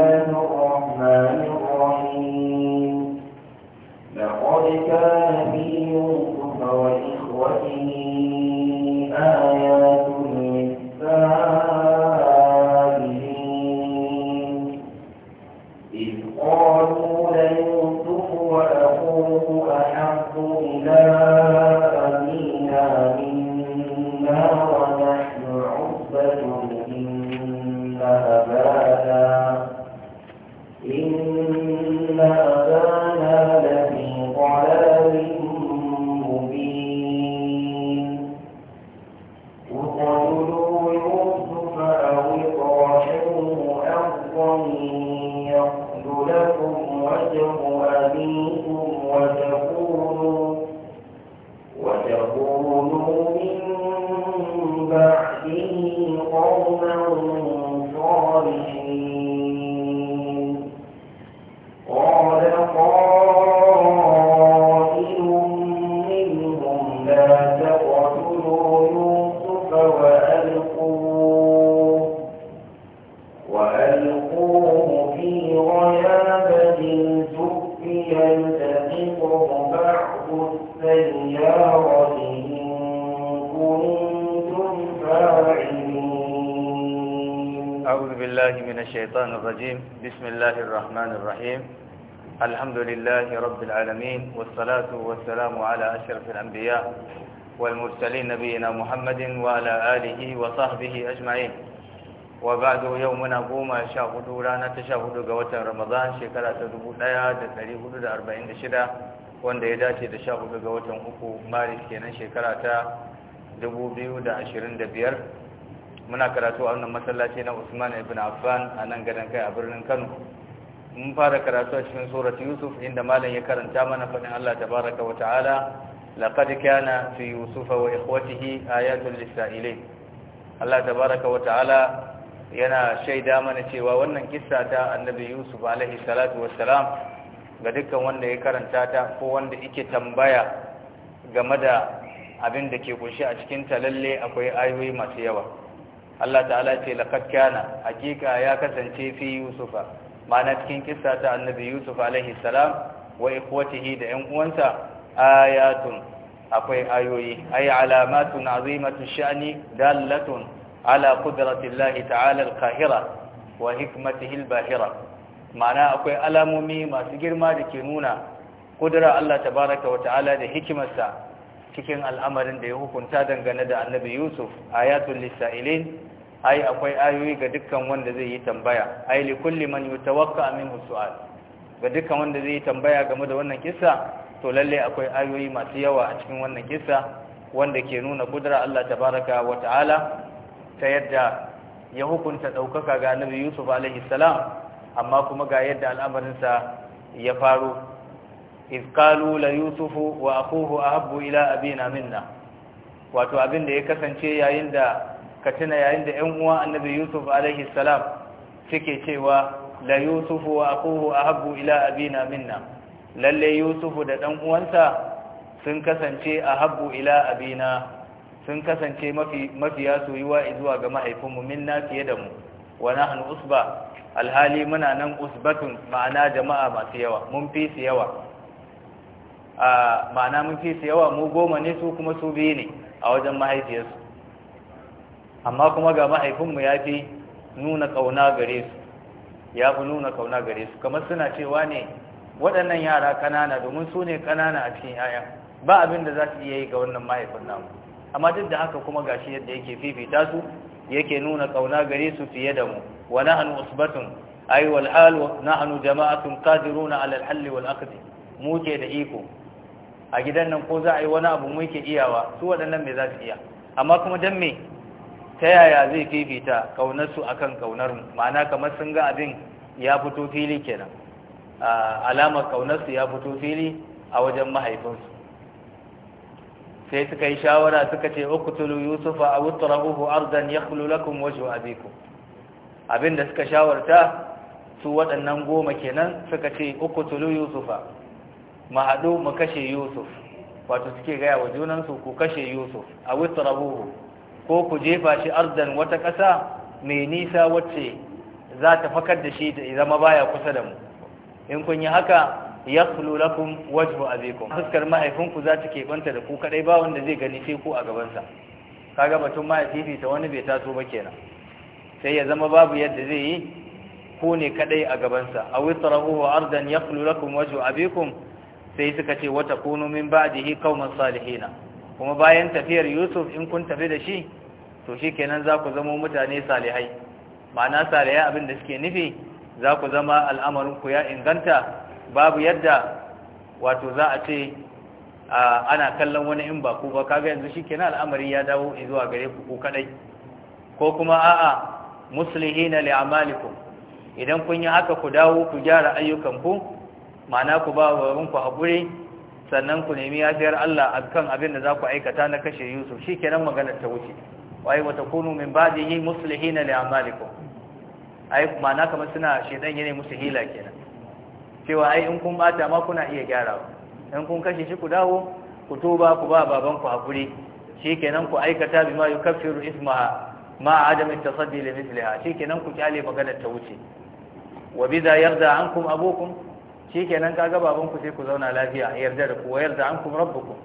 الله الرحمن الرحيم لقد كان رب العالمين والصلاة والسلام على أشرف الأنبياء والمرسلين نبينا محمد وعلى آله وصحبه أجمعين وبعد يومنا قوم شاهد رانا تشاهد قوات رمضان شكرا تدبو ليا دتري حدود أربعين شدا wanda ya dace da sha hudu ga watan uku maris kenan shekara dubu biyu da ashirin da biyar muna karatu a wannan masallaci na usman ibn affan a nan gadon kai a birnin kano mun fara karatu a cikin surat yusuf inda malam ya karanta mana faɗin Allah tabaraka wa ta'ala laqad kana fi yusufa wa ikhwatihi ayatun lisa'ilin Allah tabaraka wa ta'ala yana shaida mana cewa wannan kissa ta annabi yusuf alaihi salatu wassalam ga dukkan wanda ya karanta ta ko wanda yake tambaya game da abin da ke kunshi a cikin ta lalle akwai ayoyi masu yawa Allah ta'ala ce laqad kana hakika ya kasance fi yusufa ma'ana cikin kissa ta annabi yusuf alaihi salam wa ikhwatihi da yan uwansa ayatun akwai ayoyi ay alamatun azimatu sha'ni dallatun ala qudratillahi ta'ala alqahira wa hikmatihi albahira ma'ana akwai alamomi masu girma da ke nuna kudura Allah tabaraka wa ta'ala da hikimarsa cikin al'amarin da ya hukunta dangane da annabi yusuf ayatul lisa'ilin ai akwai ayoyi ga dukkan wanda zai yi tambaya ai li kulli man yatawakka minhu su'al ga dukkan wanda zai yi tambaya game da wannan kissa to lalle akwai ayoyi masu yawa a cikin wannan kissa wanda ke nuna kudura Allah tabaraka wa ta'ala ta yadda ya hukunta daukaka ga Annabi Yusuf alaihi salam amma kuma ga yadda al'amarin sa ya faru iz qalu la yusufu wa akhuhu ahabbu ila abina minna wato abin da ya kasance yayin da ka tuna yayin da ƴan uwa annabi yusuf alaihi salam suke cewa la yusuf wa aquhu ahabbu ila abina minna lalle yusuf da dan uwansa sun kasance ahabbu ila abina sun kasance mafi mafiya soyuwa zuwa ga mahaifinmu minna fiye da mu wa nahnu usba alhali muna nan usbatun ma'ana jama'a masu yawa mun fi su yawa a ma'ana mun fi su yawa mu goma ne su kuma su biyu ne a wajen mahaifiyarsu amma kuma ga mahaifinmu ya fi nuna ƙauna gare su ya fi nuna ƙauna gare su kamar suna cewa ne waɗannan yara ƙanana domin su ne ƙanana a cikin 'ya'ya ba abin da za su iya yi ga wannan mahaifin namu amma duk da haka kuma ga shi yadda yake fifita su yake nuna ƙauna gare su fiye da mu wa nahnu usbatun ay wal hal nahnu jama'atun qadiruna ala al hal wal aqd mu ke da iko a gidan nan ko za a yi wani abu muke iyawa su waɗannan me za su iya amma kuma dan me ta yaya zai fifita kaunarsu akan kaunar mu ma'ana kamar sun ga abin ya fito fili kenan alamar kaunarsu ya fito fili a wajen mahaifinsu sai suka yi shawara suka ce uqtulu yusufa aw utrahuhu ardan yakhlu lakum abiku Abin da suka shawarta su waɗannan goma kenan suka ce uqtulu yusufa ma haɗu mu kashe yusuf wato suke gaya wa junansu ku kashe yusuf aw utrahuhu ko ku jefa shi ardan wata ƙasa mai nisa wacce za ta fakar da shi da zama baya kusa da mu in kun yi haka ya lakum wajhu abikum fuskar mahaifinku za ta keɓanta da ku kaɗai ba wanda zai gani sai ku a gabansa kaga batun mahaififi ta wani bai taso ba kenan sai ya zama babu yadda zai yi ku ne kaɗai a gabansa a witrahu ardan ya lakum wajhu abikum sai suka ce wata kunu min ba'dihi qauman salihina kuma bayan tafiyar Yusuf in kun tafi da shi to kenan za ku zama mutane salihai ma'ana salihai abin da suke nufi za ku zama al'amarin ku ya inganta babu yadda wato za a ce ana kallon wani in ba ku ba kaga yanzu shi kenan al'amari ya dawo zuwa gare ku ku kadai ko kuma a'a na li'amalikum idan kun yi haka ku dawo ku gyara ayyukanku ma'ana ku ba wa ku haƙuri sannan ku nemi yafiyar Allah akan abin da za ku aikata na kashe Yusuf shi kenan maganar ta wuce waye wata kunu min ba'dihi muslihin li a'malikum ai ma'ana kamar suna shedan yana musu hila kenan cewa ai in kun bata ma kuna iya gyarawa in kun kashe shi ku dawo ku tuba ku ba baban ku hakuri shikenan ku aikata bima yukaffiru ismaha ma adam at-tasaddi li mithliha shikenan ku kyale magana ta wuce wa bidha yarda ankum abukum shikenan kaga baban ku sai ku zauna lafiya yarda da ku yarda ankum rabbukum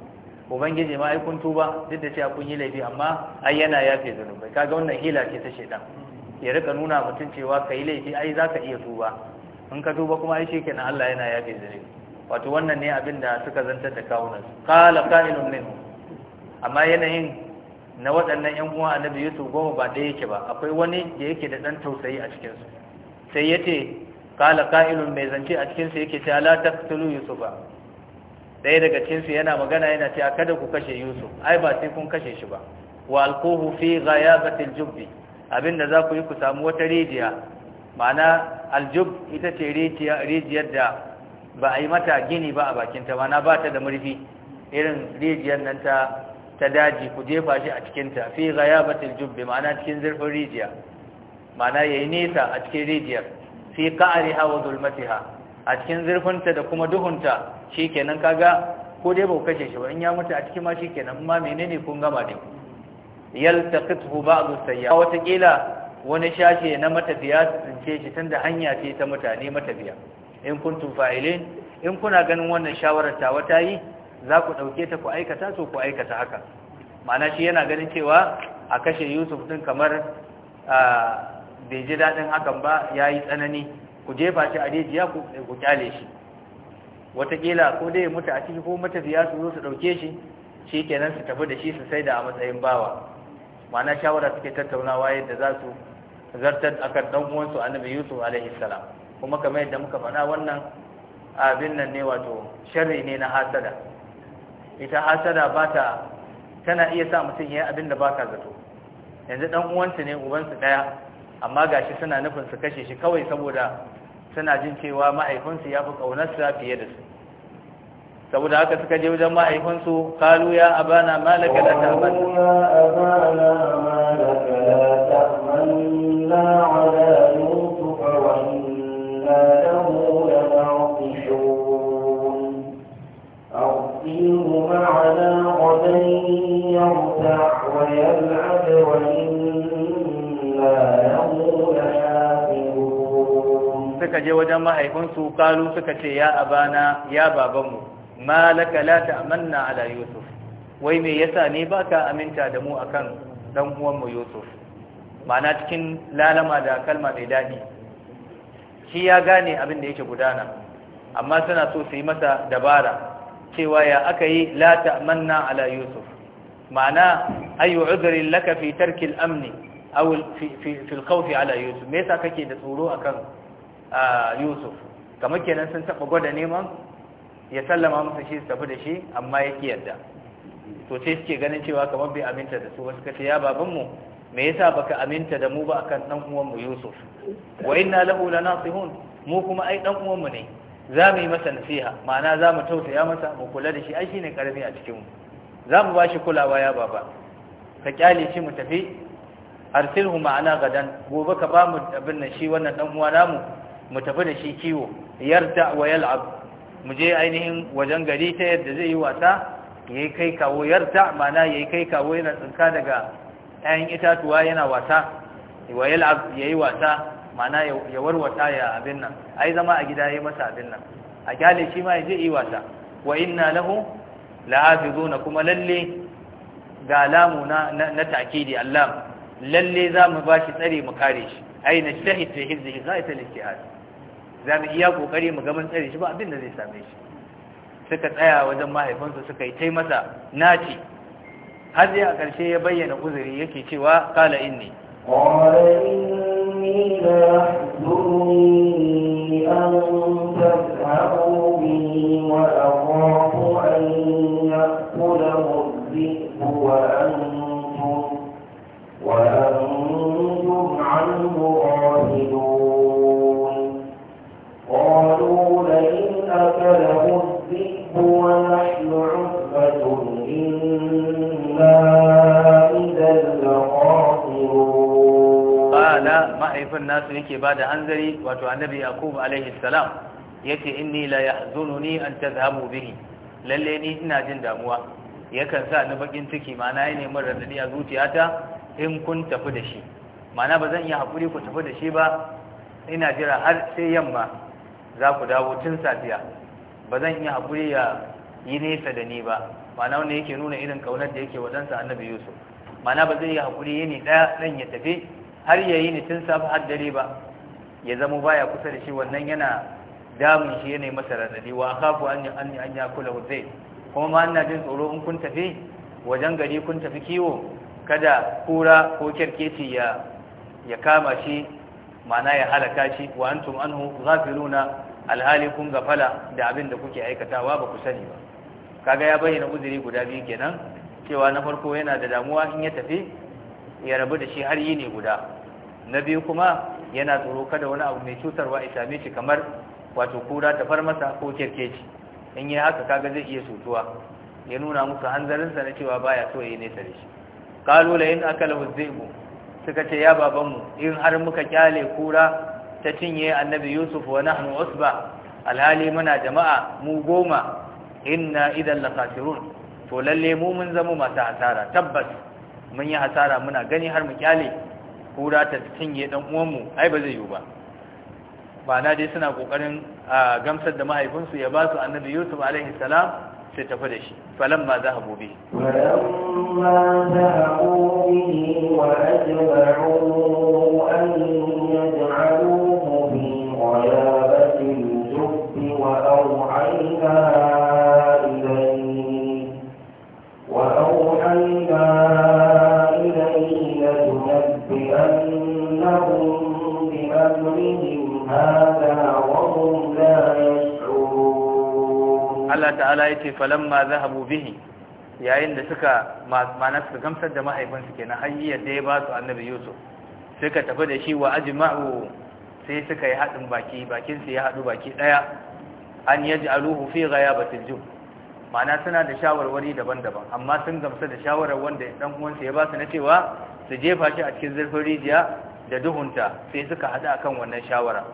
ubangiji ma ai tuba duk da cewa kun yi laifi amma ai yana yafe zanubai kaga wannan hila ce ta shedan ya rika nuna mutum cewa kai laifi ai zaka iya tuba in ka tuba kuma ai shikenan Allah yana yafe zanubai wato wannan ne abin da suka zantar da kawunan su qala qa'ilun amma yanayin na waɗannan 'yan uwa annabi Yusuf goma ba ɗaya yake ba akwai wani da yake da dan tausayi a cikin su sai yace qala qa'ilun mai zance a cikin su yake cewa la taqtulu yusufa ɗaya daga cinsu yana magana yana a kada ku kashe yusuf ai ba sai kun kashe shi ba wa alquhu fi ghayabatil jubbi abinda za ku yi ku samu wata rijiya ma'ana aljub ita ce rijiyar da ba a yi mata gini ba a bakinta ma'ana ba ta da murfi irin rijiyar nan ta ta daji ku jefa shi a cikinta fi ghayabatil jubbi ma'ana cikin zurfin rijiya ma'ana yi nesa a cikin rijiyar fi qa'riha wa zulmatiha a cikin zurfinta da kuma duhunta kenan kaga ko dai ba kashe shi ba in ya mutu a cikin ma kenan ma menene kun gama dai yaltaqithu ba'd sayya wata kila wani shashe na matafiya tsince shi tunda hanya ce ta mutane matafiya in kuntum fa'ilin in kuna ganin wannan shawarar ta wata yi za ku dauke ta ku aikata to ku aikata haka ma'ana shi yana ganin cewa a kashe Yusuf din kamar ah, bai ji dadin hakan ba yayi tsanani ku jefa shi a rijiya ku ku kyale shi wataƙila ko dai mutu a ciki ko matafiya su zo su ɗauke shi shi kenan su tafi da shi su sai da a matsayin bawa ma'ana shawara suke tattaunawa yadda za su zartar akan ɗan uwansu annabi yusuf alaihi salam kuma kamar yadda muka faɗa wannan abin nan ne wato sharri ne na hasada ita hasada ba ta tana iya sa mutum ya yi abin da ba ka zato yanzu ɗan ne ubansu ɗaya amma gashi suna nufin su kashe shi kawai saboda suna jin cewa mahaifinsu ya fi ƙaunarsa fiye da su saboda haka suka je wajen mahaifinsu kalu ya abana malaka da ta'manna je wajen mahaifinsu kalu suka ce ya abana ya babanmu ma laka la ta'manna ala yusuf wai me yasa ne baka aminta da mu akan dan uwanmu yusuf ma'ana cikin lalama da kalma mai dadi shi ya gane abin da yake gudana amma suna so su yi masa dabara cewa ya aka yi la ta'manna ala yusuf ma'ana ayu udhrin laka fi tarki al-amn aw fi fi al-khawf ala yusuf me yasa kake da tsoro akan yusuf kamar kenan sun taba gwada neman ya sallama masa shi su tafi da shi amma ya ki yarda to sai suke ganin cewa kamar bai aminta da su wasu kace ya baban mu? me yasa baka aminta da mu ba akan dan mu yusuf wa inna lahu lanasihun mu kuma ai dan uwanmu ne za mu yi masa nasiha ma'ana za mu tausaya masa mu kula da shi ai shine karfi a cikin mu za mu bashi kulawa ya baba ka kyale shi mu tafi arsilhu ma'ana gadan gobe ka ba mu abin nan shi wannan dan uwa namu mu tafi da shi kiwo yarda wa yal'ab mu je ainihin wajen gari ta yadda zai yi wasa yayi kai kawo yarda mana yayi kai kawo yana tsinka daga ayan itatuwa yana wasa wa yal'ab yayi wasa mana ya warwata ya abin nan ai zama a gida yayi masa abin nan a kyale shi ma yaje yi wasa wa inna lahu la'afizuna kuma lalle ga lamu na na takidi Allah lalle za mu bashi tsare mu kare shi ai na shahid fi hizbihi za al-ijtihad za mu iya kokari mu ga mun tsare shi ba abin da zai same shi suka tsaya wajen mahaifinsu suka yi tai masa naci har sai a ƙarshe ya bayyana uzuri yake cewa qala inni qala inni la mahaifin nasu yake ba da hanzari wato annabi yaqub alaihi salam yace inni la yahzununi an tadhhabu bihi lalle ni ina jin damuwa yakan sa ni bakin ciki ma'ana ya nemi radadi a zuciyata in kun tafi da shi ma'ana ba zan iya hakuri ku tafi da shi ba ina jira har sai yamma za ku dawo tun safiya ba zan iya hakuri ya yi nesa da ni ba ma'ana wanda yake nuna irin kaunar da yake wadansa annabi yusuf ma'ana ba zai iya hakuri yini daya dan ya tafi har yayi ni tun safi har dare ba ya zama baya kusa da shi wannan yana damun shi yana masa rarrabe wa kafu an an an kula zai kuma ma ina jin tsoro in kun tafi wajen gari kun tafi kiwo kada kura ko kyarkeci ya ya kama shi ma'ana ya halaka shi wa antum anhu ghafiluna alhali kun fala da abin da kuke aikatawa ba ku sani ba kaga ya bayyana uzuri guda biyu kenan cewa na farko yana da damuwa in ya tafi ya rabu da shi har yi ne guda na biyu kuma yana tsoro kada wani abu mai cutarwa ya same shi kamar wato kura ta far ko kirkeci in yi haka kaga zai iya sutuwa. ya nuna musu hanzarinsa na cewa baya so ya yi nesa da shi kalu la aka lahu zaibu suka ce ya babanmu in har muka kyale kura ta cinye annabi yusuf wa nahnu usba alhali muna jama'a mu goma inna idan lakasirun to lalle mu mun zama masu asara tabbas mun yi hasara muna gani har mu kyale kura ta cinye dan uwanmu ai ba zai yiwu ba ba na dai suna kokarin gamsar da mahaifinsu ya ba su annabi yusuf alaihi salam sai tafi da shi falan ma za a bobe لهم بأمرهم هذا وهم لا يشعرون الله تعالى يتي فلما ذهبوا به yayin da suka ma'ana suka gamsar da mahaifinsu kenan hanyar da ya ba su annabi yusuf suka tafi da shi wa ajma'u sai suka yi haɗin baki bakinsu ya haɗu baki ɗaya an yaji aluhu fi ghayabatil jub ma'ana suna da shawarwari daban-daban amma sun gamsu da shawarar wanda ɗan uwansa ya ba su na cewa su jefa shi a cikin zurfin rijiya da duhunta sai suka hada akan wannan shawara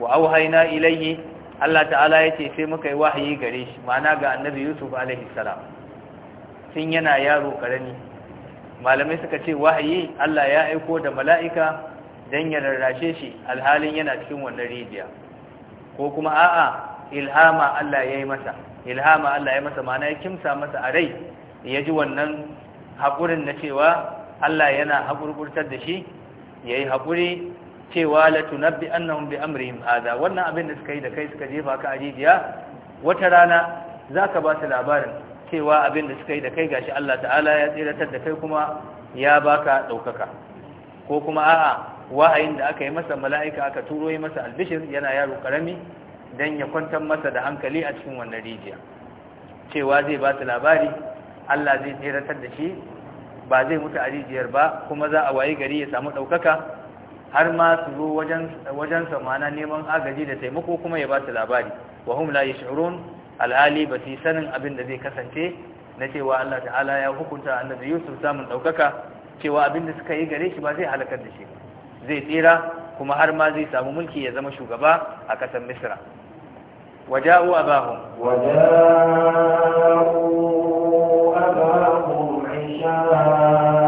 wa auhayna ilayhi Allah ta'ala yace sai muka yi wahayi gare shi ma'ana ga annabi Yusuf alaihi salam tun yana yaro karami malamai suka ce wahayi Allah ya aiko da mala'ika dan ya rarrashe shi alhalin yana cikin wannan rijiya ko kuma a'a ilhama Allah ya yi masa ilhama Allah ya masa ma'ana ya kimsa masa a rai ya ji wannan haƙurin na cewa Allah yana haƙurƙurtar da shi ya yi hakuri cewa la tunabbi annahum bi amrihim hada wannan abin da suka yi da kai suka jefa ka ajijiya wata rana zaka ba su labarin cewa abin da suka yi da kai gashi Allah ta'ala ya tsiratar da kai kuma ya baka ɗaukaka ko kuma a'a wahayin da aka yi masa mala'ika aka turo yi masa albishir yana yaro karami dan ya kwantar masa da hankali a cikin wannan rijiya cewa zai ba su labari Allah zai tseratar da shi ba zai mutu a rijiyar ba kuma za a wayi gari ya samu ɗaukaka har ma su zo wajen samana neman agaji da taimako kuma ya ba su labari wa hum la yash'urun al'ali ba su sanin abin da zai kasance na cewa Allah ta'ala ya hukunta da Yusuf samun ɗaukaka cewa abin da suka yi gare shi ba zai halakar da shi zai tsira kuma har ma zai samu mulki ya zama shugaba a ƙasar Misra waja'u abahum waja'u يشاء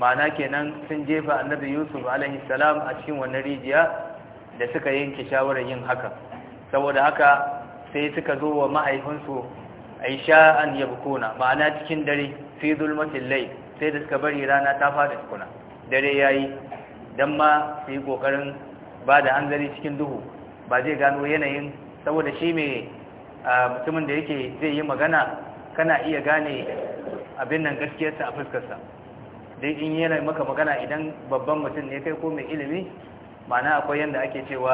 ma'ana kenan sun jefa annabi yusuf alaihi salam a cikin wani rijiya da suka yanke shawarar yin haka saboda haka sai suka zo wa ma'aifinsu yabu kona ma'ana cikin dare fi zulmatin lai sai da suka bari rana ta fada tukuna dare ya yi don ma su yi kokarin ba da hanzari cikin duhu ba zai gano yanayin saboda shi mai mutumin da yake zai yi magana kana iya gane abin nan gaskiyarsa a fuskarsa dai in yana maka magana idan babban mutum ne kai ko mai ilimi mana akwai yadda ake cewa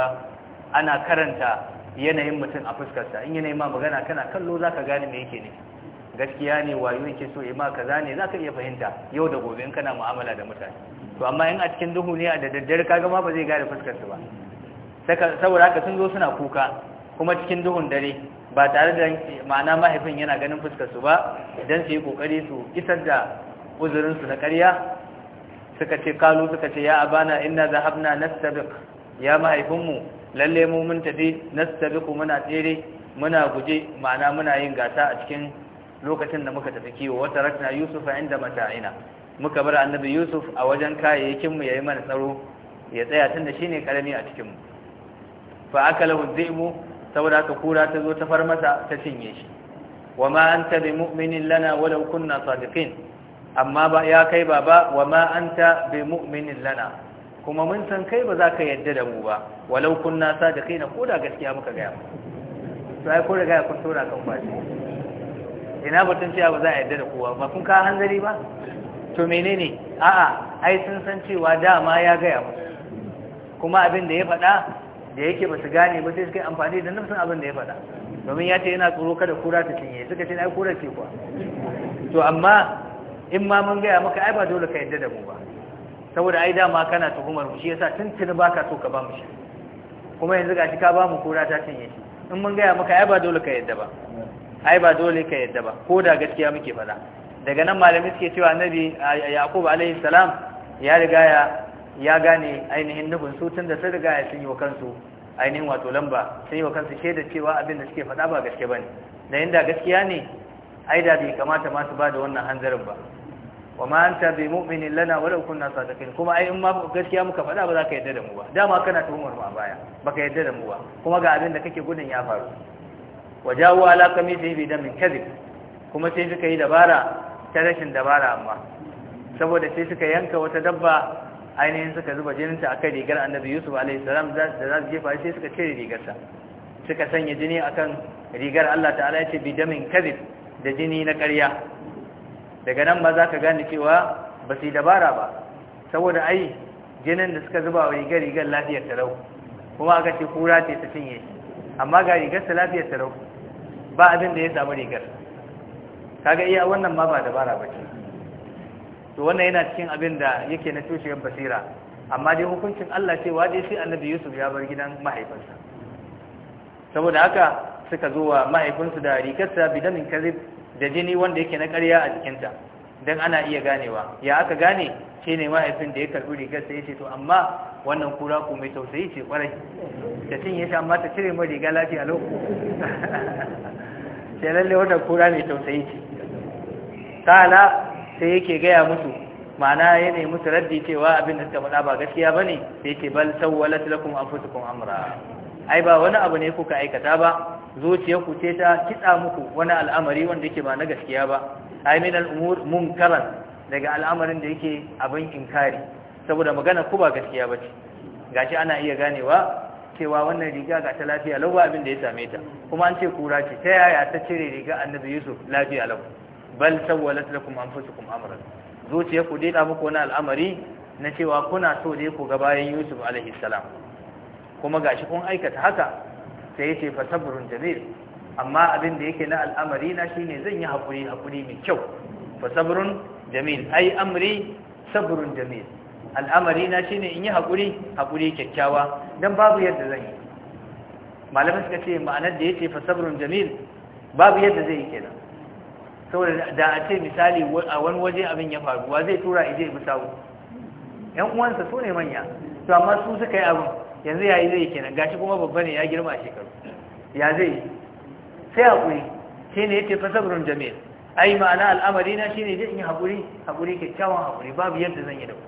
ana karanta yanayin mutum a fuskarsa in yanayin ma magana kana kallo za ka gane me yake ne gaskiya ne wayo yake so ya ma kaza ne za ka iya fahimta yau da gobe in kana mu'amala da mutane to amma in a cikin duhu ne a da daddare kaga ma ba zai gane fuskarsa ba saboda haka sun zo suna kuka kuma cikin duhun dare ba tare da ma'ana mahaifin yana ganin fuskarsu ba idan su yi kokari su isar da uzurinsu na ƙarya suka ce kalu suka ce ya abana inna zahabna nastabiq ya mahaifinmu lalle mu mun tafi nastabiqu muna tsere muna guje ma'ana muna yin gasa a cikin lokacin da muka tafi kiwo wata rakna yusufa inda mata'ina muka bar annabi yusuf a wajen kayayyakin mu yayi mana tsaro ya tsaya tunda shine karami a cikin mu fa akalahu dhi'mu saboda ka kura ta zo ta far ta cinye shi wa ma anta bi mu'minin lana walau kunna sadiqin amma ba ya kai baba wa ma anta bi mu'minin lana kuma mun san kai ba za ka yadda da mu ba walau kunna ko da kai na koda gaskiya muka gaya to ai ko da ya kun tura kan kwashi ina batun cewa ba za a yadda da kowa ba kun ka hanzari ba to menene a'a ai sun san cewa dama ya gaya musu kuma abin da ya faɗa da yake ba su gane ba sai su kai amfani da nufin abin da ya faɗa domin ya ce yana tsoro kada kura ta cinye suka ce ai kura ce kuwa to amma in ma mun gaya maka ai ba dole ka yadda da mu ba saboda ai dama kana tuhumar mu shi yasa tuntuni baka so ka ba mu shi kuma yanzu gashi ka ba mu kura ta cinye shi in mun gaya maka ai ba dole ka yadda ba ai ba dole ka yadda ba ko da gaskiya muke faɗa daga nan malamai suke cewa annabi yaqub alaihi salam ya riga ya ya gane ainihin nubun su tun da sun riga ya sun yi wa kansu ainihin wato lamba sun yi wa kansu shaida cewa abin da suke faɗa ba gaske bane da inda gaskiya ne ai da bai kamata ma su ba da wannan hanzarin ba wa ma anta bi mu'minin lana wa law kunna sadiqin kuma ai in ma gaskiya muka faɗa ba za ka yadda da mu ba dama kana tuhumar mu a baya baka yadda da mu ba kuma ga abin da kake gudun ya faru wa jawu ala kamisi bi damin kadhib kuma sai suka yi dabara ta rashin dabara amma saboda sai suka yanka wata dabba ainihin suka zuba jinin ta akan rigar annabi yusuf alaihi salam da za su jefa sai suka cire rigarsa suka sanya jini akan rigar Allah ta'ala ya ce bi damin kadhib da jini na ƙarya daga nan ba za ka gane cewa ba su yi dabara ba saboda ai jinin da suka zuba wa rigar rigar lafiyar tarau kuma aka ce kura ce ta cinye amma ga rigar ta lafiyar tarau ba abin da ya samu rigar kaga iya wannan ma ba dabara ba ce to wannan yana cikin abin da yake na tushiyar basira amma dai hukuncin Allah cewa dai sai annabi Yusuf ya bar gidan mahaifinsa saboda haka suka zo wa mahaifinsu da rikarsa bidamin kazib da jini wanda yake na ƙarya a jikinta don ana iya ganewa ya aka gane shi ne mahaifin da ya karɓi rigar sai ce to amma wannan kura ku mai tausayi ce kwarai da cin ya sha amma cire mai riga lafiya lau sai lalle wannan kura mai tausayi ce sala sai yake gaya musu ma'ana ya ne musu raddi cewa abin da suka faɗa ba gaskiya ba ne sai ce bal an lakum anfusukum amra ai ba wani abu ne kuka aikata ba zuciya ku ce ta kitsa muku wani al'amari wanda yake ba na gaskiya ba ai min al'umur munkaran daga al'amarin da yake abin inkari saboda magana ku ba gaskiya ba ce gashi ana iya ganewa cewa wannan riga ga ta lafiya lau ba abin da ya same ta kuma an ce kura ce ta yaya ta cire riga annabi yusuf lafiya lau bal sawwalat lakum anfusukum amran zuciya ku dai ta muku wani al'amari na cewa kuna so dai ku ga bayan yusuf alaihi salam kuma gashi kun aikata haka sai yace fa sabrun jamil amma abin da yake na al'amari na shine zan yi hakuri hakuri mai kyau fa sabrun jamil ai amri sabrun jamil al'amari na shine in yi hakuri hakuri kyakkyawa dan babu yadda zan yi malamin suka ce ma'anar da yace fa sabrun jamil babu yadda zai yi kenan saboda da a ce misali a wani waje abin ya faru wa zai tura ije bi sawu yan uwansa su ne manya to amma su suka yi abin yanzu yayi zai kenan gashi kuma babba ne ya girma a shekaru ya zai sai haƙuri shi ne yake sabrun jamil ai ma'ana al'amari na shi ne zai yi hakuri kyakkyawan haƙuri babu yadda zan yi da ku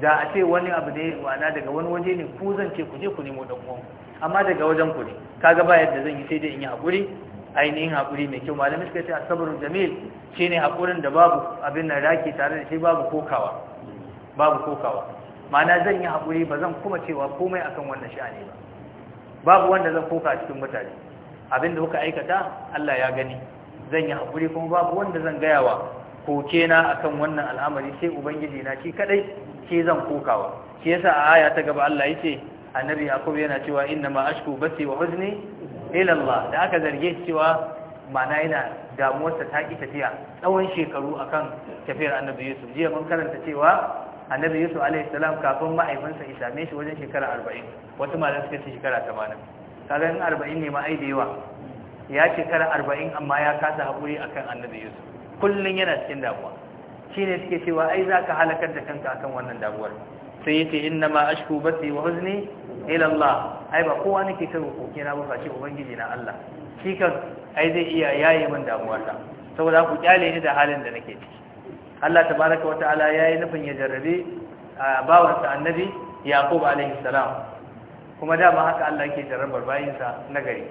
da a ce wani abu ne ma'ana daga wani waje ne ku zan ce ku je ku nemo dan uwanku amma daga wajen ku ne kaga ba yadda zan yi sai dai in yi haƙuri ainihin haƙuri mai kyau malamin suka ce asabrun jamil shine haƙurin da babu abin nan raki tare da shi babu kokawa babu kokawa ma'ana zan yi haƙuri ba zan kuma cewa komai akan wannan sha'ani ba babu wanda zan koka cikin mutane abinda kuka aikata Allah ya gani zan yi haƙuri kuma babu wanda zan gayawa wa koke na akan wannan al'amari sai ubangiji na shi kadai ke zan kokawa shi yasa a aya ta gaba Allah yake annabi yakub yana cewa inna ma ashku basi wa huzni ila Allah da aka zarge cewa mana yana damuwarsa ta ki tafiya tsawon shekaru akan tafiyar annabi Yusuf jiya mun karanta cewa annabi yusuf alaihi salam kafin ma'aifinsa ya same shi wajen shekara arba'in wasu malam suka ce shekara tamanin kaga in arba'in ne ma ai da yawa ya shekara arba'in amma ya kasa haƙuri akan annabi yusuf kullum yana cikin damuwa shi ne suke cewa ai za ka halakar da kanka akan wannan damuwar sai ya ce inna ma ashku basi wa huzni ilallah ai ba kowa nake ta roƙo kina ba face ubangiji na Allah shi kan ai zai iya yaye min damuwata saboda ku kyale ni da halin da nake ciki Allah tabaraka wa ta'ala yayi nufin ya jarrabe bawansa annabi Yaqub alaihi salam kuma da ma haka Allah yake jarrabar bayinsa na gari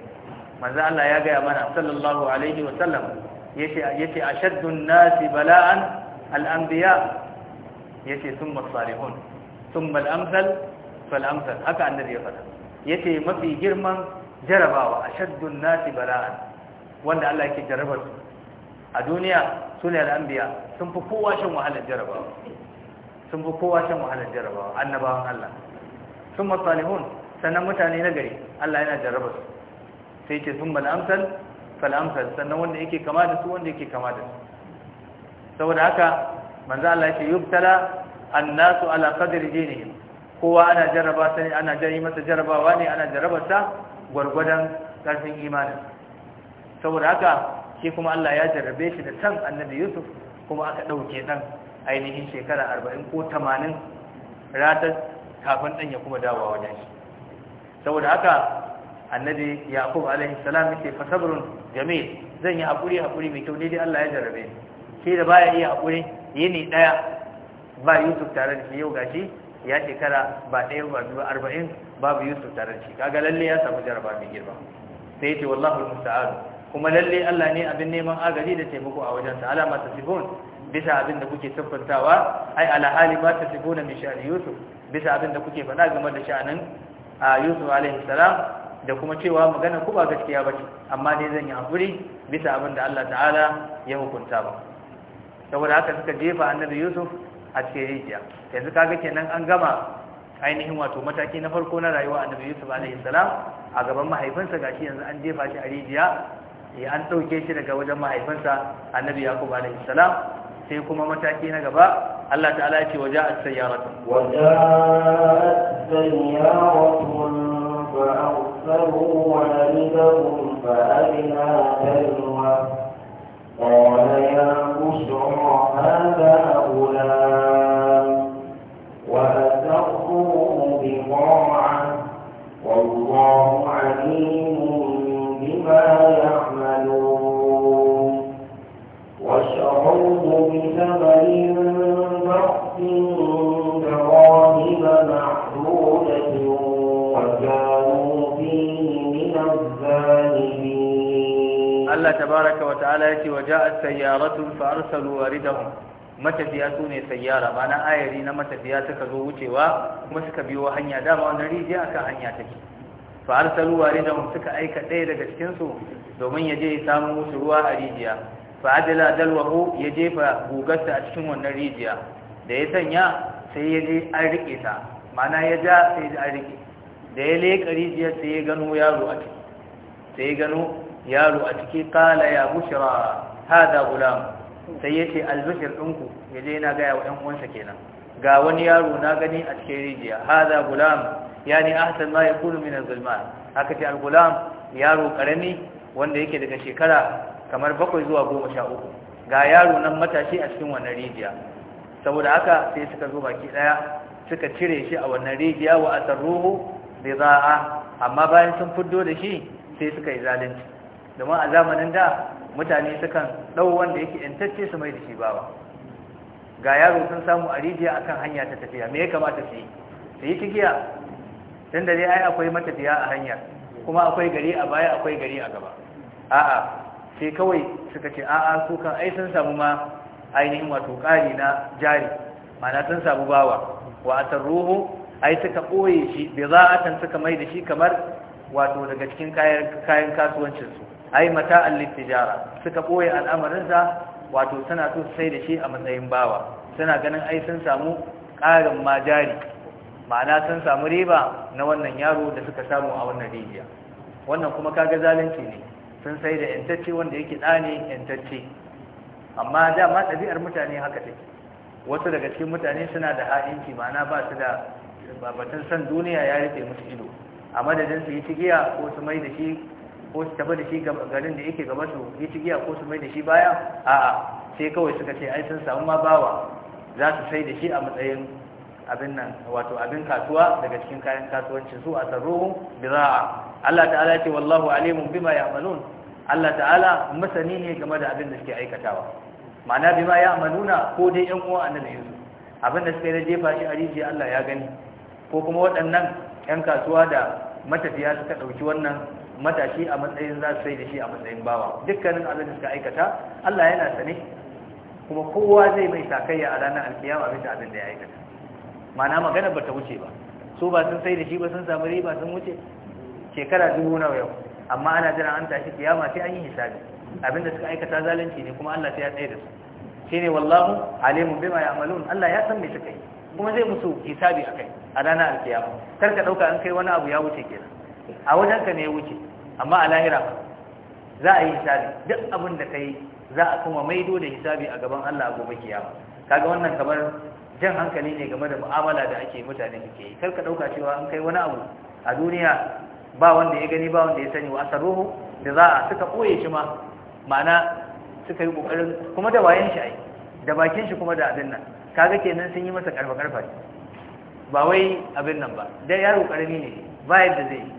manzo Allah ya gaya mana sallallahu alaihi wa sallam yace yace ashaddu an-nasi bala'an al-anbiya yace thumma as-salihun thumma al-amsal fal-amsal haka annabi ya faɗa yace mafi girman jarabawa ashaddu an-nasi bala'an wanda Allah yake jarrabar a duniya sune al-anbiya sun fi kowa shan wahalar jarabawa sun fi kowa shan wahalar jarabawa annabawan Allah sun masalihun sannan mutane na gari Allah yana jarraba su sai ce sun mal'amsal fal'amsal sannan wanda yake kama da su wanda yake kama da su saboda haka manzo Allah yake yubtala annasu ala qadri dinihim kowa ana jarraba sai ana jari masa jarabawa ne ana jarraba sa gurgurdan karfin imani saboda haka shi kuma Allah ya jarrabe shi da san annabi Yusuf kuma aka ɗauke ɗan ainihin shekara arba'in ko tamanin ratar kafin ɗan ya kuma dawowa wajen shi saboda haka annabi yaqub alaihi salam yake fa sabrun jamil zan yi hakuri hakuri mai kyau dai Allah ya jarrabe shi da baya iya hakuri ni ɗaya ba Yusuf tare da shi yau gashi ya shekara ba ɗaya ba biyu arba'in babu Yusuf tare da shi kaga lalle ya samu jarraba mai girma sai yace wallahu musta'anu kuma lalle Allah ne abin neman agari da taimako a wajensa alama ta sifon bisa abin da kuke siffantawa ai ala ba ta sifona mi sha'ani yusuf bisa abin da kuke faɗa game da sha'anin a yusuf alaihi salam da kuma cewa magana ku ba gaskiya ba ce amma dai zan yi hakuri bisa abin da Allah ta'ala ya hukunta ba saboda haka suka jefa annabi yusuf a cikin rijiya yanzu kaga kenan an gama ainihin wato mataki na farko na rayuwa annabi yusuf alaihi salam a gaban mahaifinsa gashi yanzu an jefa shi a rijiya ya eh, an ɗauke shi daga wajen mahaifinsa annabi yaqub alaihi salam sai kuma mataki na gaba Allah ta'ala ya ce waja'at sayyaratu waja'at sayyaratu فأرسلوا والدهم فأرنا دلوه قال يا بشرى هذا غلام وأسروه بضاعة والله بثمر بخس دراهم معدودة wa فيه من الظالمين الله تبارك وتعالى يأتي وجاءت matafiya su ne sayyara ba na ayari na matafiya suka zo wucewa kuma suka biyo hanya dama wani rijiya aka hanya take fa arsalu waridan suka aika ɗaya daga cikin su domin ya je ya samu musu ruwa a rijiya fa adala dalwahu ya jefa gugarsa a cikin wannan rijiya da ya sanya sai ya je an rike ta mana ya ja sai ya an rike da ya leka rijiyar sai ya gano yaro a ciki sai ya gano yaro a ciki kala ya bushra hada gulam sai ya ce albashir ɗinku ya je yana gaya wa ‘yan uwansa kenan ga wani yaro na gani a cikin rijiya hada gulam ya a ahsan ma ya kunu minar zulma haka ce al-gulam yaro ƙarami wanda yake daga shekara kamar bakwai zuwa goma sha uku ga yaro nan matashi a cikin wannan rijiya saboda haka sai suka zo baki ɗaya, suka cire shi a wannan rijiya wa asarruhu ridaa amma bayan sun fiddo da shi sai suka yi zalunci domin a zamanin da mutane sukan dau wanda yake intacce su mai da shi bawa ga yaro sun samu a rijiya akan hanya ta tafiya me ya kamata su yi su yi tigiya tunda dai ai akwai matafiya a hanya kuma akwai gari a baya akwai gari a gaba a'a sai kawai suka ce a'a ko kan ai sun samu ma ainihin wato ƙari na jari mana sun samu bawa wa asar ruhu ai suka ɓoye shi bi za a suka mai da shi kamar wato daga cikin kayan kasuwancinsu ai mata al tijara suka ɓoye sa wato suna so sai da shi a matsayin bawa suna ganin ai sun samu ƙarin ma jari ma'ana sun samu riba na wannan yaro da suka samu a wannan rijiya wannan kuma kaga zalunci ne sun sai da yantacce wanda yake ɗane yantacce amma dama ɗabi'ar mutane haka take wasu daga cikin mutane suna da ha'inci ma'ana ba su da babatun san duniya ya rufe musu ido a madadin su yi cigiya ko su mai da shi ko su taba da shi garin da yake gaba su yi cigiya ko su mai da shi baya a'a sai kawai suka ce ai sun samu ma bawa za su sai da shi a matsayin abin nan wato abin kasuwa daga cikin kayan kasuwanci su a sarruhu biza'a Allah ta'ala ya ce wallahu alimun bima ya'malun Allah ta'ala masani ne game da abin da suke aikatawa ma'ana bima ya'maluna ko dai yan uwa annabi yanzu. abin da suke jefa shi a rijiya Allah ya gani ko kuma waɗannan yan kasuwa da matafiya suka ɗauki wannan matashi a matsayin za su sai da shi a matsayin bawa dukkanin abin da suka aikata Allah yana sane kuma kowa zai mai sakayya a ranar alkiyama bisa abin da ya aikata ma'ana magana ba ta wuce ba su ba sun sai da shi ba sun samu riba sun wuce shekara dubu nawa yau amma ana jira an tashi kiyama sai an yi hisabi abinda suka aikata zalunci ne kuma Allah sai ya tsaye da su shine wallahu alimun bima ya'malun Allah ya san me suka yi kuma zai musu hisabi akai a ranar alkiyama kar ka dauka an kai wani abu ya wuce kenan a wajen ka ne ya wuce amma a lahira za a yi hisabi duk abin da kai za a kuma maido da hisabi a gaban Allah a gobe kiyama kaga wannan kamar jan hankali ne game da mu'amala da ake mutane suke yi kar ka dauka cewa an kai wani abu a duniya ba wanda ya gani ba wanda ya sani wa asaruhu da za a suka koye shi ma ma'ana suka yi kokarin kuma da wayan shi ai da bakin shi kuma da abin nan kaga kenan sun yi masa karfa karfa ba wai abin nan ba dai yaro karami ne ba yadda zai yi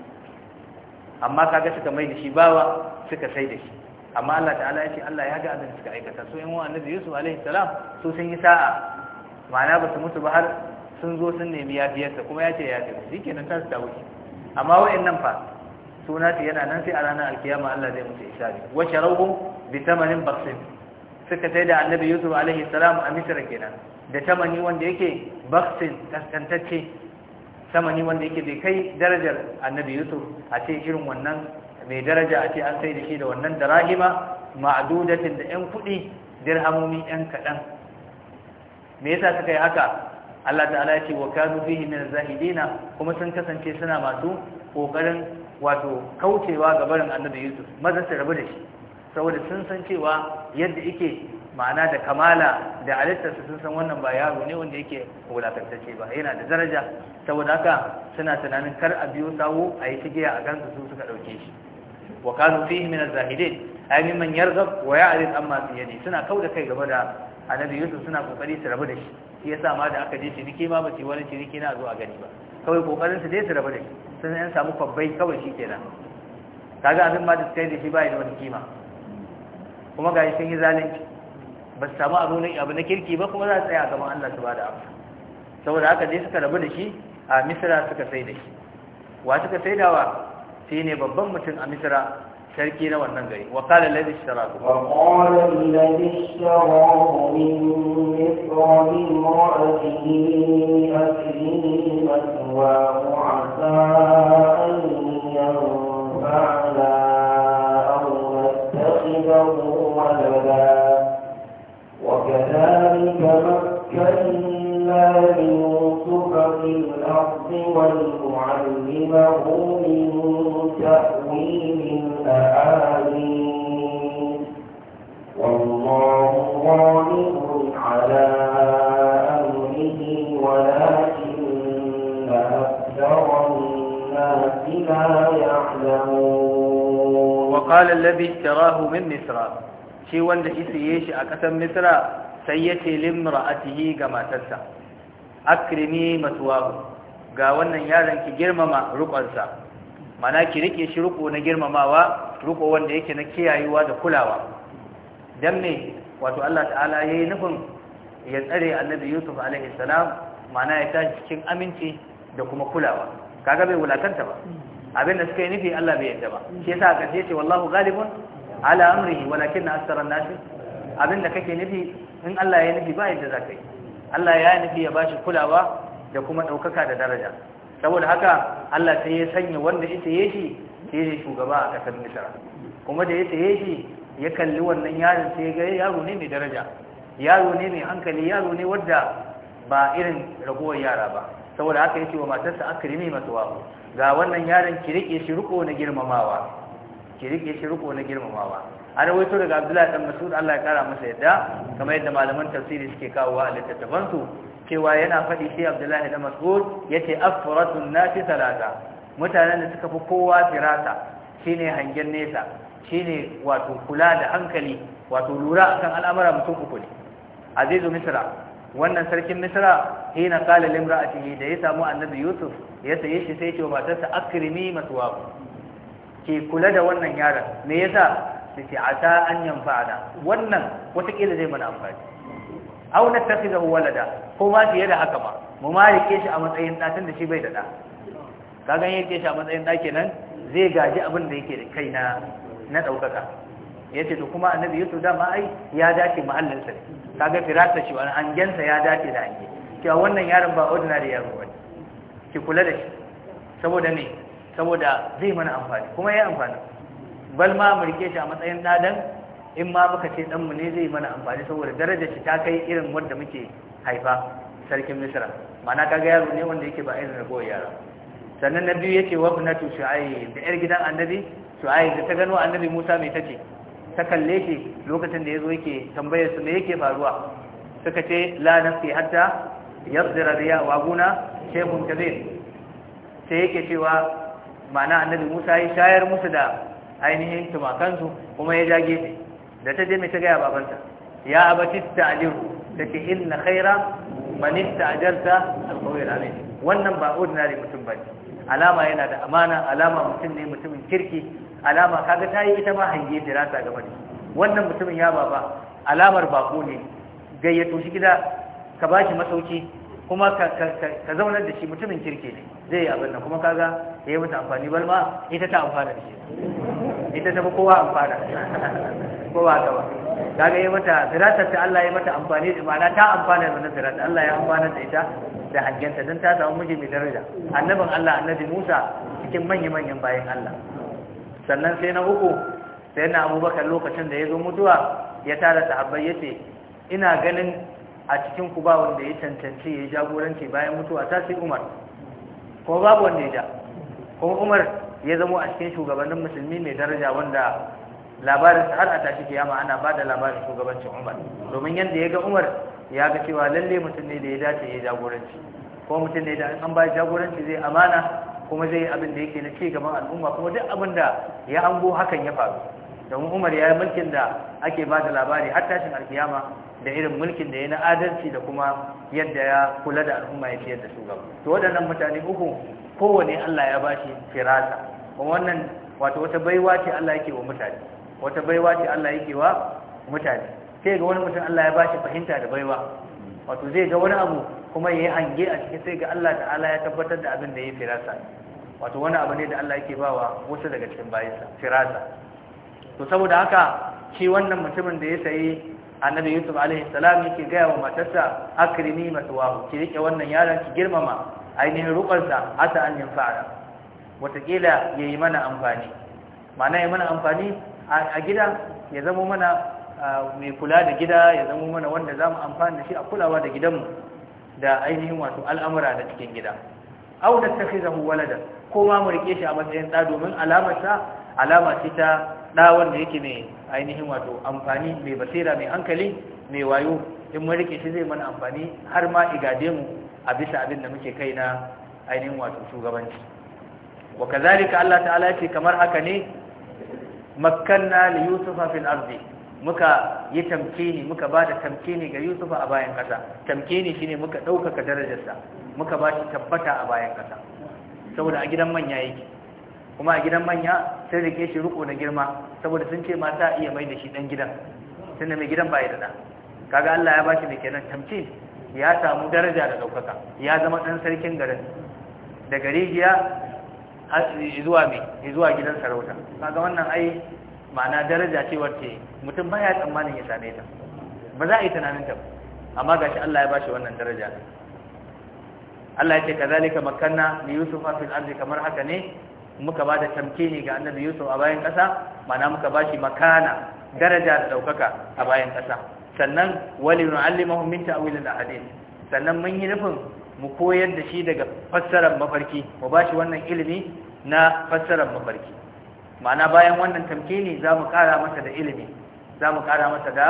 amma kaga suka mai da shi bawa suka sai da shi amma Allah ta'ala ya ce Allah ya ga abin suka aikata so in wa annabi Yusuf alaihi salam so sun yi sa'a ma'ana ba su mutu ba har sun zo sun nemi yafiyarsa kuma ya ce ya ce shi kenan ta su ta wuce amma wa'in nan fa suna ce yana nan sai a ranar alkiyama Allah zai mutu isabi ne. sharahu bi tamanin baksin suka sai da annabi yusuf alaihi salam a misra kenan da tamani wanda yake baksin kaskantacce tamani wanda yake bai kai darajar annabi yusuf a ce irin wannan mai daraja a ce an sai da shi da wannan darahima ma'adudatin da yan kuɗi dirhamomi yan kaɗan me yasa suka yi haka Allah ta'ala ya ce wa kanu fihi min zahidina kuma sun kasance suna masu kokarin wato kaucewa ga barin annabi Yusuf maza su rabu da shi saboda sun san cewa yadda yake ma'ana da kamala da su sun san wannan ba yaro ne wanda yake wulakantacce ba yana da daraja saboda haka suna tunanin kar a biyo sawo a yi shigiya a gansu su suka ɗauke shi wa kanu fihi min zahidin ay mimman yarghab wa ya'rid amma siyadi suna kauda kai gaba da annabi yusuf suna kokari su rabu da shi shi yasa ma da aka je ciniki ma ba ce wani ciniki na zuwa gani ba kawai kokarin su dai su rabu da shi sun yan samu kwabbai kawai shi nan kaga abin ma da su da shi ba da wani kima kuma ga sun yi zalunci ba su samu abu na kirki ba kuma za su tsaya gaban Allah su ba da amsa saboda aka je suka rabu da shi a misira suka sai da shi wa suka sai da wa shi ne babban mutum a misira sarki na wannan gari wa qala alladhi ishtarahu wa qala alladhi ishtarahu min misri imra'atihi akrini wa asa an yanfa'ana aw nattakhidhahu walada wa kadhalika makkanna yusuf fil ardi wa nu'allimahu min ta'wili آمين وقال الذي اشتراه من مصر شي وند يسيش أكثم مصر سيتي لامرأته كما تسع أكرمي مثواه ga wannan yaron ki girmama rukunsa mana ki rike shi ruko na girmamawa ruko wanda yake na kiyayewa da kulawa dan me wato Allah ta'ala yayi nufin ya tsare annabi Yusuf alaihi salam mana ya tashi cikin aminci da kuma kulawa kaga bai wulakanta ba abin da suka yi nufi Allah bai yarda ba shi yasa aka ce wallahu ghalibun ala amrihi walakin an nas abin da kake nufi in Allah ya nufi ba yadda zakai Allah ya nufi ya bashi kulawa da kuma daukaka da daraja saboda haka Allah sai ya sanya wanda ya saye shi sai ya shugaba a kasar Misra kuma da ya saye shi ya kalli wannan yaron sai ya ga yaro ne mai daraja yaro ne mai hankali yaro ne wadda ba irin ragowar yara ba saboda haka yake wa matarsa akrimi masuwa ga wannan yaron ki rike shi riko na girmamawa ki rike shi riko na girmamawa an rawaito daga Abdullahi dan Mas'ud Allah ya kara masa yadda kamar yadda malaman tafsiri suke kawo a littattafansu cewa yana faɗi shi abdullahi da mas'ud yace afratun nasi talata mutanen da suka fi kowa firasa shine hangen nesa shine wato kula da hankali wato lura akan al'amura mutum uku ne azizu misra wannan sarkin misra hina qala limra'atihi da ya samu annabi yusuf ya saye shi sai ce wa matarsa akrimi matuwaku ke kula da wannan yaron me yasa sai ce ata an yanfa'ana wannan wata kila zai mana amfani aw nattakhidahu walada ko ma fiye da haka ba mu ma rike shi a matsayin da shi bai da da kaga yake shi a matsayin da kenan zai gaji abin da yake da kai na na daukaka yace to kuma annabi yusuf da ma ai ya dace mahallin sa ga firasa shi wani hangen sa ya dace da hange a wannan yaron ba ordinary yaro bane ki kula da shi saboda ne saboda zai mana amfani kuma ya amfani bal ma mu shi a matsayin dan. in ma muka ce ɗanmu ne zai mana amfani saboda darajar shi ta kai irin wanda muke haifa sarkin misra mana kaga yaro ne wanda yake ba irin ragowar yara sannan na biyu yake wa bunatu shu'aib da yar gidan annabi shu'aib da ta gano annabi Musa mai tace ta kalle shi lokacin da ya yazo yake tambayar su me yake faruwa suka ce la nafi hatta yadhra riya wa guna shaykhun kabir sai yake cewa mana annabi Musa ya shayar musu da ainihin tumakansu kuma ya jage da ta je mai ta gaya babanta ya abati ta'jiru take inna khaira man ista'jarta al-qawi amin wannan ba ordinary mutum ba alama yana da amana alama mutum ne mutumin kirki alama kaga tayi ita ma hange dirasa gaba da wannan mutumin ya baba alamar bako ne gayyato shi gida ka shi masauki kuma ka zaunar da shi mutumin kirki ne zai yi abin nan kuma kaga ya yi mata amfani balma ita ta amfana da shi ita ta fi kowa amfana ko ba ka ba kaga yi mata ziratar ta Allah ya mata amfani da ma'ana ta amfana da wannan ziratar Allah ya amfana da ita da hangenta don ta samu miji mai daraja annabin Allah annabi Musa cikin manya-manyan bayan Allah sannan sai na uku sai na abubakar lokacin da ya zo mutuwa ya tara sahabbai ya ce ina ganin a cikin ku ba wanda ya tantance ya jagoranci bayan mutuwa ta sai umar ko babu wanda ya ja kuma umar ya zama a cikin shugabannin musulmi mai daraja wanda labarin sa har a tashi kiyama ana ba da labarin shugabancin Umar domin yadda ya ga Umar ya ga cewa lalle mutum ne da ya dace ya jagoranci ko mutum ne da an ba jagoranci zai amana kuma zai yi abin da yake na ci gaban al'umma kuma duk abin da ya ango hakan ya faru domin Umar ya yi mulkin da ake ba da labari har tashin alkiyama da irin mulkin da ya na adalci da kuma yadda ya kula da al'umma ya ciyar da su to waɗannan mutane uku kowane Allah ya bashi firasa wannan wato wata baiwa ce Allah yake wa mutane wata baiwa ce Allah yake wa mutane sai ga wani mutum Allah ya bashi fahimta da baiwa wato zai ga wani abu kuma yayi hange a cikin sai ga Allah ta'ala ya tabbatar da abin da yake firasa wato wani abu ne da Allah yake bawa wasu daga cikin bayinsa firasa to saboda haka shi wannan mutumin da ya sayi annabi Yusuf alaihi salam yake gaya wa matarsa akrimi matwahu ki rike wannan yaron ki girmama ainihin rukarsa asa an yanfa'a watakila yayi mana amfani ma'ana yayi mana amfani a gida ya zama mana mai kula da gida ya zama mana wanda za mu amfani da shi a kulawa da gidanmu da ainihin wato al'amura da cikin gida au da ta fi walada ko ma mu rike shi a matsayin ɗa domin alamarsa alama ce ta ɗa wanda yake mai ainihin wato amfani mai basira mai hankali mai wayo in mun rike shi zai mana amfani har ma igade mu a bisa abin da muke kai na ainihin wato shugabanci wa kazalika Allah ta'ala ce kamar haka ne Makanna li yusufa fil ardi muka yi tamkini muka ba da tamkini ga yusufa a bayan kasa tamkini shine muka ɗaukaka darajarsa muka ba shi tabbata a bayan kasa saboda a gidan manya yake kuma a gidan manya sai da ke shi riko na girma saboda sun ce mata iya mai da shi dan gidan tunda mai gidan bai da da kaga Allah ya bashi da kenan tamkin ya samu daraja da daukaka ya zama dan sarkin garin da giya zuwa mai zuwa gidan sarauta kaga wannan ai ma'ana daraja ce wacce mutum baya tsammanin ya same ta ba za a yi tunanin ta amma gashi Allah ya bashi wannan daraja Allah ya ce kazalika makanna li yusuf al ardi kamar haka ne muka bada tamkini ga annabi yusuf a bayan kasa ma'ana muka bashi makana daraja da daukaka a bayan kasa sannan wali nu'allimuhum min ta'wil al-ahadith sannan mun yi nufin mu koyar da shi daga fassarar mafarki mu ba shi wannan ilimi na fassarar mafarki ma'ana bayan wannan tamkini za mu kara masa da ilimi za mu kara masa da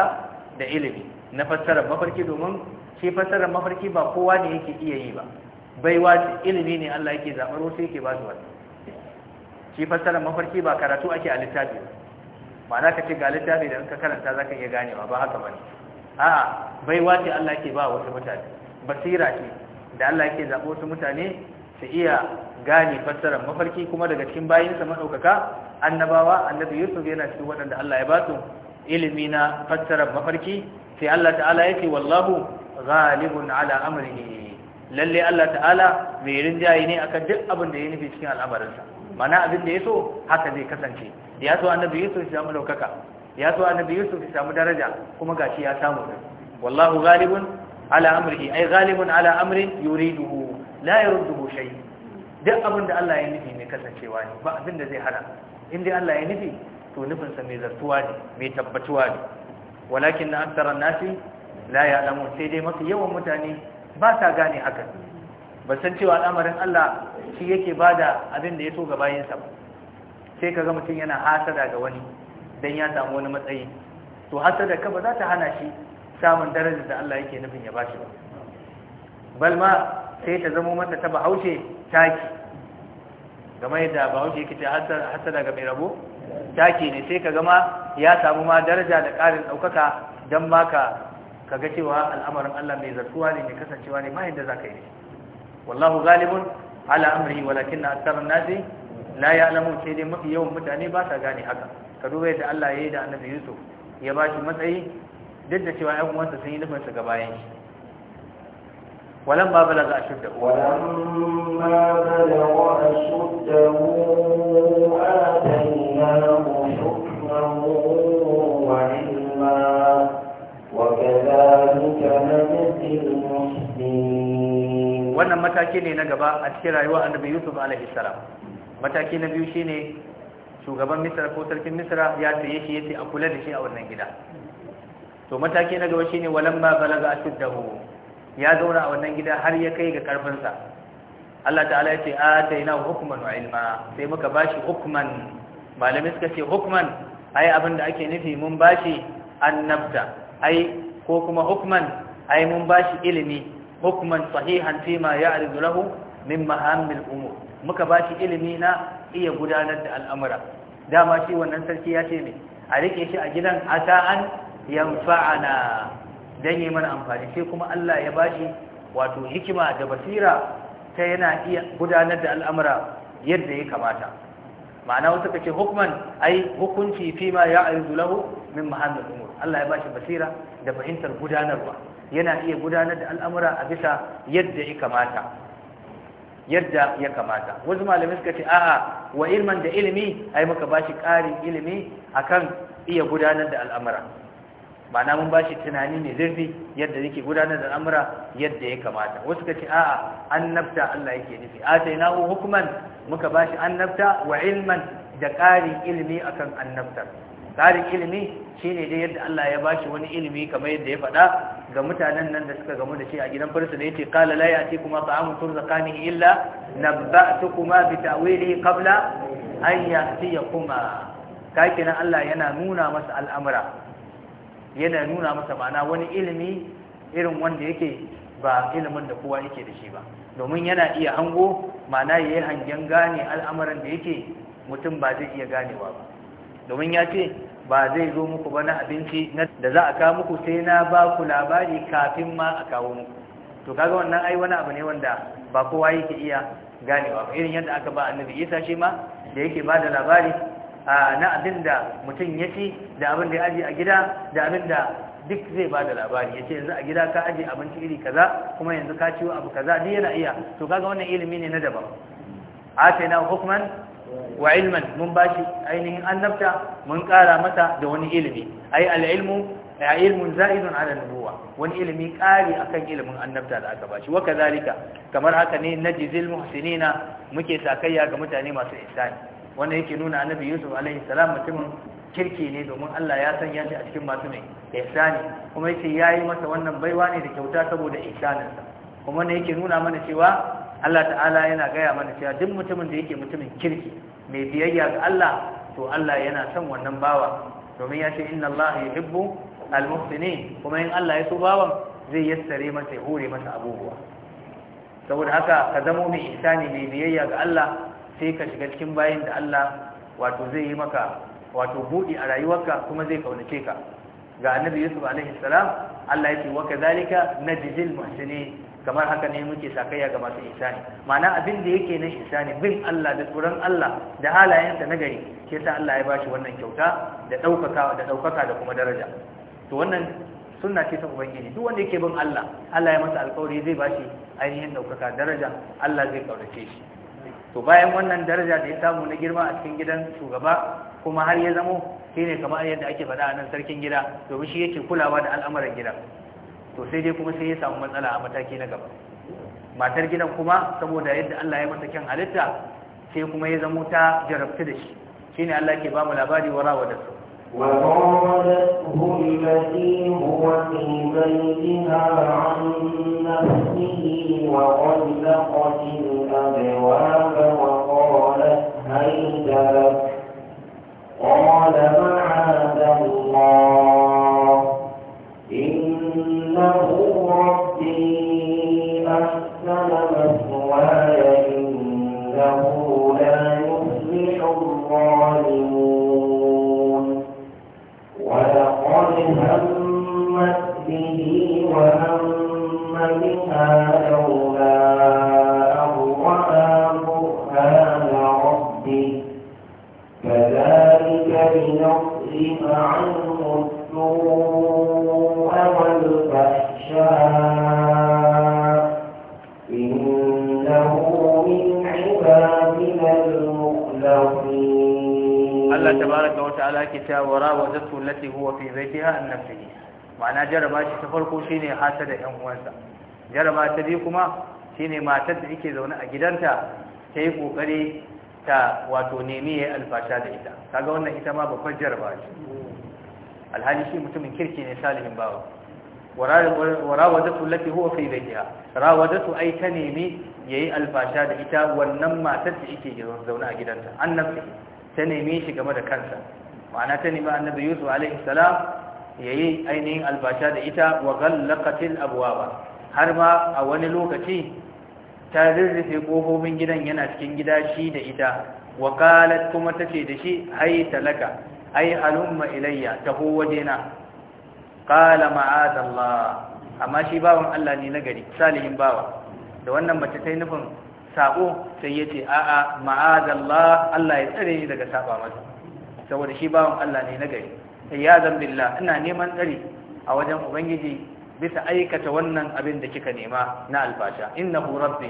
da ilimi na fassarar mafarki domin shi fassarar mafarki ba kowa ne yake iya yi ba baiwa ce ilimi ne Allah yake zaɓar wasu yake ba su wasu shi fassarar mafarki ba karatu ake a littafi ma'ana ka ce ga littafi da in ka karanta za ka iya ganewa ba haka ba ne a'a baiwa ce Allah yake ba wasu mutane basira ce da Allah yake zabo su mutane su iya gane fassarar mafarki kuma daga cikin bayinsa madaukaka annabawa annabi Yusuf yana cikin waɗanda Allah ya ba su ilimi na fassarar mafarki sai Allah ta'ala yake wallahu ghalibun ala amrihi lalle Allah ta'ala mai rinjaye ne akan duk abin da ya nufi cikin al'amarinsa mana abin da ya so haka zai kasance ya so annabi Yusuf ya samu daukaka ya so annabi Yusuf ya samu daraja kuma gashi ya samu wallahu ghalibun ala amrihi ay ghalibun ala amrin yuriduhu la yurduhu shay duk abin da Allah ya nufi mai kasancewa ne ba abin da zai hana in dai Allah ya nufi to nufin sa mai zartuwa ne mai tabbatuwa ne walakin aktharan nasi la ya'lamun sai dai mafi yawan mutane ba sa gane haka ba san cewa al'amarin Allah shi yake bada abin da ya so ga bayansa ba sai kaga mutum yana hasada ga wani dan ya samu wani matsayi to hasada ka ba za ta hana shi samun darajar da Allah yake nufin ya bashi balma sai ta zama mata ta bahaushe taki game da bahaushe yake ta daga mai rabo taki ne sai ka gama ya samu ma daraja da karin ɗaukaka don ma ka kaga cewa al'amarin Allah mai zartuwa ne mai kasancewa ne ma yadda za ka yi wallahu galibun ala amri walakin na nasi la ya'lamu sai dai mafi yawan mutane ba sa gane haka ka duba yadda Allah ya yi da annabi Yusuf ya ba shi matsayi duk da cewa ‘yan uwansa sun yi nufin ga bayan shi walan ba za a shudda uwa wannan mataki ne na gaba a cikin rayuwa annabi yusuf alaihi salam mataki na biyu shine shugaban misra ko sarkin misra ya tsaye shi yace a kula da shi a wannan gida to mataki na gaba shine walamma balaga ashuddahu ya zauna a wannan gida har ya kai ga karfin sa Allah ta'ala yace ataina hukman wa ilma sai muka bashi hukman Malami suka ce hukman ai abinda ake nufi mun bashi annabta ai ko kuma hukman ai mun bashi ilimi hukman sahihan fima ya'ridu lahu min mahamil umur muka bashi ilimi na iya gudanar da al'amura dama shi wannan sarki ya ce ne a rike shi a gidan asa'an yanfa'ana dan yi mana amfani sai kuma Allah ya bashi wato hikima da basira ta yana iya gudanar da al'amura yadda ya kamata ma'ana wasu kace hukman ai hukunci fi ma ya'ridu lahu min mahamil umur Allah ya bashi basira da fahimtar gudanarwa yana iya gudanar da al'amura a bisa yadda ya kamata yadda ya kamata wasu malamai suka ce a'a wa ilman da ilimi ai muka bashi ƙarin ilimi akan iya gudanar da al'amura ma'ana mun bashi tunani ne zurfi yadda yake gudanar da al'amura yadda ya kamata wasu ce a'a annabta Allah yake nufi atainahu hukman muka bashi annabta wa ilman da ƙarin ilimi akan annabta ƙarin ilimi shine dai yadda Allah ya bashi wani ilimi kamar yadda ya faɗa ga mutanen nan da suka gamu da shi a gidan farsa da yace qala la ya'tikuma ta'amun turzaqani illa nabba'tukuma bi ta'wili kabla. an ya'tiyakuma kuma. kenan Allah yana nuna masa al'amura yana nuna masa ma'ana wani ilimi irin wanda yake ba ilimin da kowa yake da shi ba domin yana iya hango ma'ana ya yi hangen gane al'amuran da yake mutum ba zai iya ganewa ba domin ya ce ba zai zo muku ba na abinci da za a kawo muku sai na ba ku labari kafin ma a kawo muku to kaga wannan ai wani abu ne wanda ba kowa yake iya ganewa ba irin yadda aka ba annabi isa shi ma da yake ba da labari na abin da mutum ya ci da abin da ya aji a gida da abin da duk zai ba da labari ya ce yanzu a gida ka aji abinci iri kaza kuma yanzu ka ciwo abu kaza duk yana iya to kaga wannan ilimi ne na daban na hukman wa ilman mun bashi ainihin annabta mun kara masa da wani ilimi ai al-ilmu ilmun za'idun ala nubuwa wani ilimi kari akan ilimin annabta da aka bashi wa kazalika kamar haka ne najizil muhsinina muke sakayya ga mutane masu ihsani wanda yake nuna annabi yusuf alaihi salam mutumin kirki ne domin Allah ya sanya shi a cikin masu mai ihsani kuma yake yayi masa wannan baiwa ne da kyauta saboda ihsaninsa kuma ne yake nuna mana cewa Allah ta'ala yana gaya mana cewa duk mutumin da yake mutumin kirki mai biyayya ga Allah to Allah yana son wannan bawa domin ya ce inna Allah yuhibbu al-muhsinin kuma in Allah ya so bawan zai yassare masa ya hore masa abubuwa saboda haka ka zamo mai ihsani mai biyayya ga Allah sai ka shiga cikin bayan da Allah wato zai yi maka wato buɗi a rayuwarka kuma zai kaunace ka ga annabi Yusuf alaihi salam Allah yake wa kadhalika najzil muhsini kamar haka ne muke sakayya ga masu ihsani ma'ana abin da yake na ihsani bin Allah da tsoron Allah da halayensa na gari ke sa Allah ya bashi wannan kyauta da daukaka da daukaka da kuma daraja to wannan sunna ce ta ubangiji duk wanda yake bin Allah Allah ya masa alƙawari zai bashi ainihin daukaka daraja Allah zai kaunace shi to bayan wannan daraja da ya samu na girma a cikin gidan shugaba kuma har ya zamo sai ne kamar yadda ake faɗa a nan sarkin gida domin shi yake kulawa da al'amuran gida to sai dai kuma sai ya samu matsala a mataki na gaba matar gidan kuma saboda yadda Allah ya mata kyan halitta sai kuma ya zamo ta jarabta da shi shine Allah ke ba mu labari wa rawa da su وقالته التي هو في بيتها عن نفسه وغلقت الأبواب hasada da yan uwansa jaraba ta biyu kuma shine matar da yake zaune a gidanta ta yi kokari ta wato nemi ya alfasha da ita ga wannan ita ma babbar jaraba ce alhali shi mutumin kirki ne salihin bawa warawadatu lati huwa fi baytiha rawadatu ai ta nemi yi alfasha da ita wannan matar da yake zaune a gidanta annabi ta nemi shi game da kansa ma'ana ta nemi annabi yusuf alaihi salam yayi ainihin albasha da ita wa ghallaqatil abwaba har ma a wani lokaci ta rirrufe kofofin gidan yana cikin gida shi da ita wa qalat kuma tace da shi hay talaka ay halumma ilayya taho wajena qala ma'adallah amma shi bawan Allah ne na gari salihin bawa da wannan mace ta yi nufin sako sai yace a'a ma'adallah Allah ya tsare ni daga saba masa saboda shi bawan Allah ne na gari iyadan billah ina neman tsari a wajen ubangiji bisa aikata wannan abin da kika nema na albasha innahu rabbi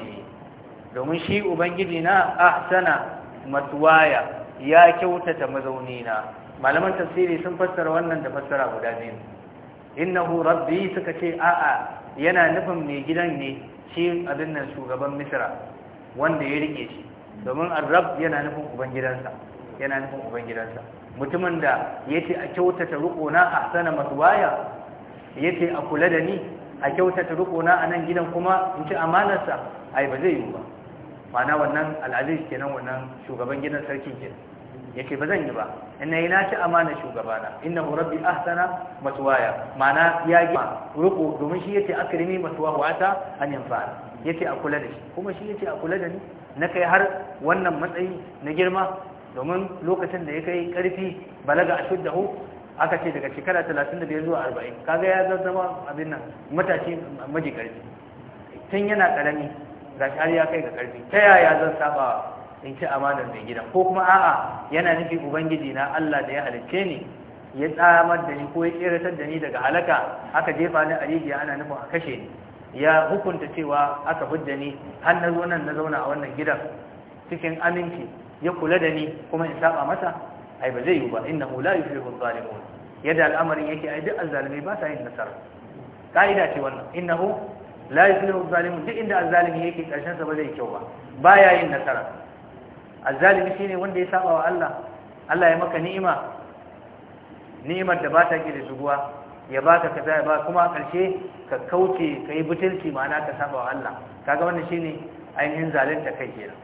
domin shi ubangiji na ahsana matuwaya ya kyautata mazauni na malaman tafsiri sun fassara wannan da fassara guda biyu innahu rabbi suka ce a'a yana nufin mai gidan ne shi abin nan shugaban misra wanda ya rike shi domin arab yana nufin ubangidansa yana nufin ubangidansa mutumin da ce a kyautata a ruqona ahsana Ya ce a kula da ni a kyautata ruqona a nan gidan kuma in ci amanarsa ai ba zai yi ba mana wannan al'aziz kenan wannan shugaban gidan sarkin ya ce ba zan yi ba yi na ci amana shugabana innahu rabbi ahsana matwaya mana ya gi ruku domin shi ya yace akrimi matwahu ata an Ya ce a kula da shi kuma shi ya ce a kula da ni na kai har wannan matsayi na girma domin lokacin da ya kai karfi balaga a shuddahu aka ce daga shekara 35 zuwa 40 kaga ya zama abin nan matashi maji karfi tun yana karami ga har ya kai ga karfi ta yaya zan saba in ci amanar mai gidan ko kuma a'a yana nufi ubangiji na Allah da ya halicce ni ya tsamar da ni ko ya tseratar da ni daga halaka aka jefa ni a rijiya ana nufin a kashe ni ya hukunta cewa aka hujja ni har na zo nan na zauna a wannan gidan cikin aminci ya kula da ni kuma in saba masa ai ba zai yi ba innahu la yuflihu adh-dhalimun yadda al'amarin yake ai duk azzalimai ba sa yin nasara kaida ce wannan innahu la yuflihu adh-dhalimun duk inda azzalimi yake karshen sa ba zai kyau ba baya yin nasara azzalimi shine wanda ya saba wa Allah Allah ya maka ni'ima ni'imar da ba ta ke da zuguwa ya baka kaza ya ba kuma a ƙarshe ka kauce ka yi butulci ma'ana ka saba wa Allah kaga wannan shine ainihin zalunta kai kenan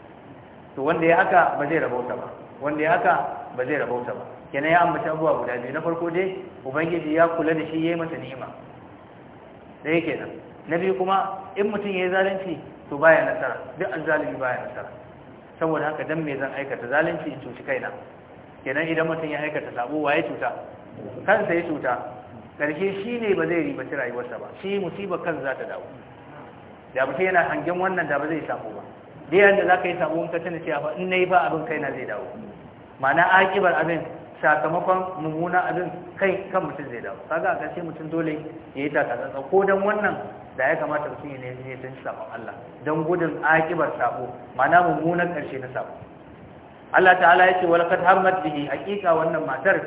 to wanda ya haka ba zai rabauta ba wanda ya haka ba zai rabauta ba kenan ya ambaci abuwa guda biyu na farko dai ubangiji ya kula da shi yi masa ni'ima sai kenan na biyu kuma in mutum yi zalunci to baya nasara duk azzalimi baya nasara saboda haka dan me zan aikata zalunci in cuci kaina kenan idan mutum ya aikata sabo waye cuta kansa ya cuta karshe shi ne ba zai ribaci rayuwarsa ba shi musibar kan za ta dawo da mutum yana hangen wannan da ba zai sabo ba da yadda za ka yi samu ka tana cewa in na yi ba abin kai na zai dawo ma'ana akibar abin sakamakon mummuna abin kai kan mutum zai dawo kaga a ƙarshe mutum dole ya yi takatsantsa ko don wannan da ya kamata mutum ya nemi ya tunci sabon Allah don gudun akibar sabo ma'ana mummunan ƙarshe na sabo Allah ta'ala ya ce walakad Hamad bihi hakika wannan matar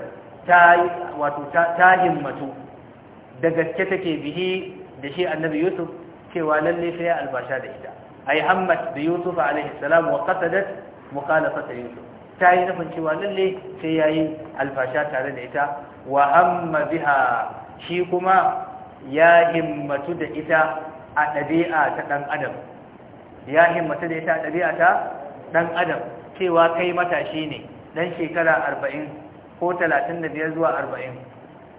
ta yi, wato ta himmatu da gaske take bihi da shi annabi Yusuf cewa lalle sai ya albasha da ita ai hammat da yusuf alaihi salam wa qatadat mukhalafata yusuf ta yi nufin cewa lalle sai yayi alfasha tare da ita wa amma biha shi kuma ya himmatu da ita a ɗabi'a ta ɗan adam ya himmatu da ita a ɗabi'a ta ɗan adam cewa kai matashi ne ɗan shekara arba'in ko talatin da biyar zuwa arba'in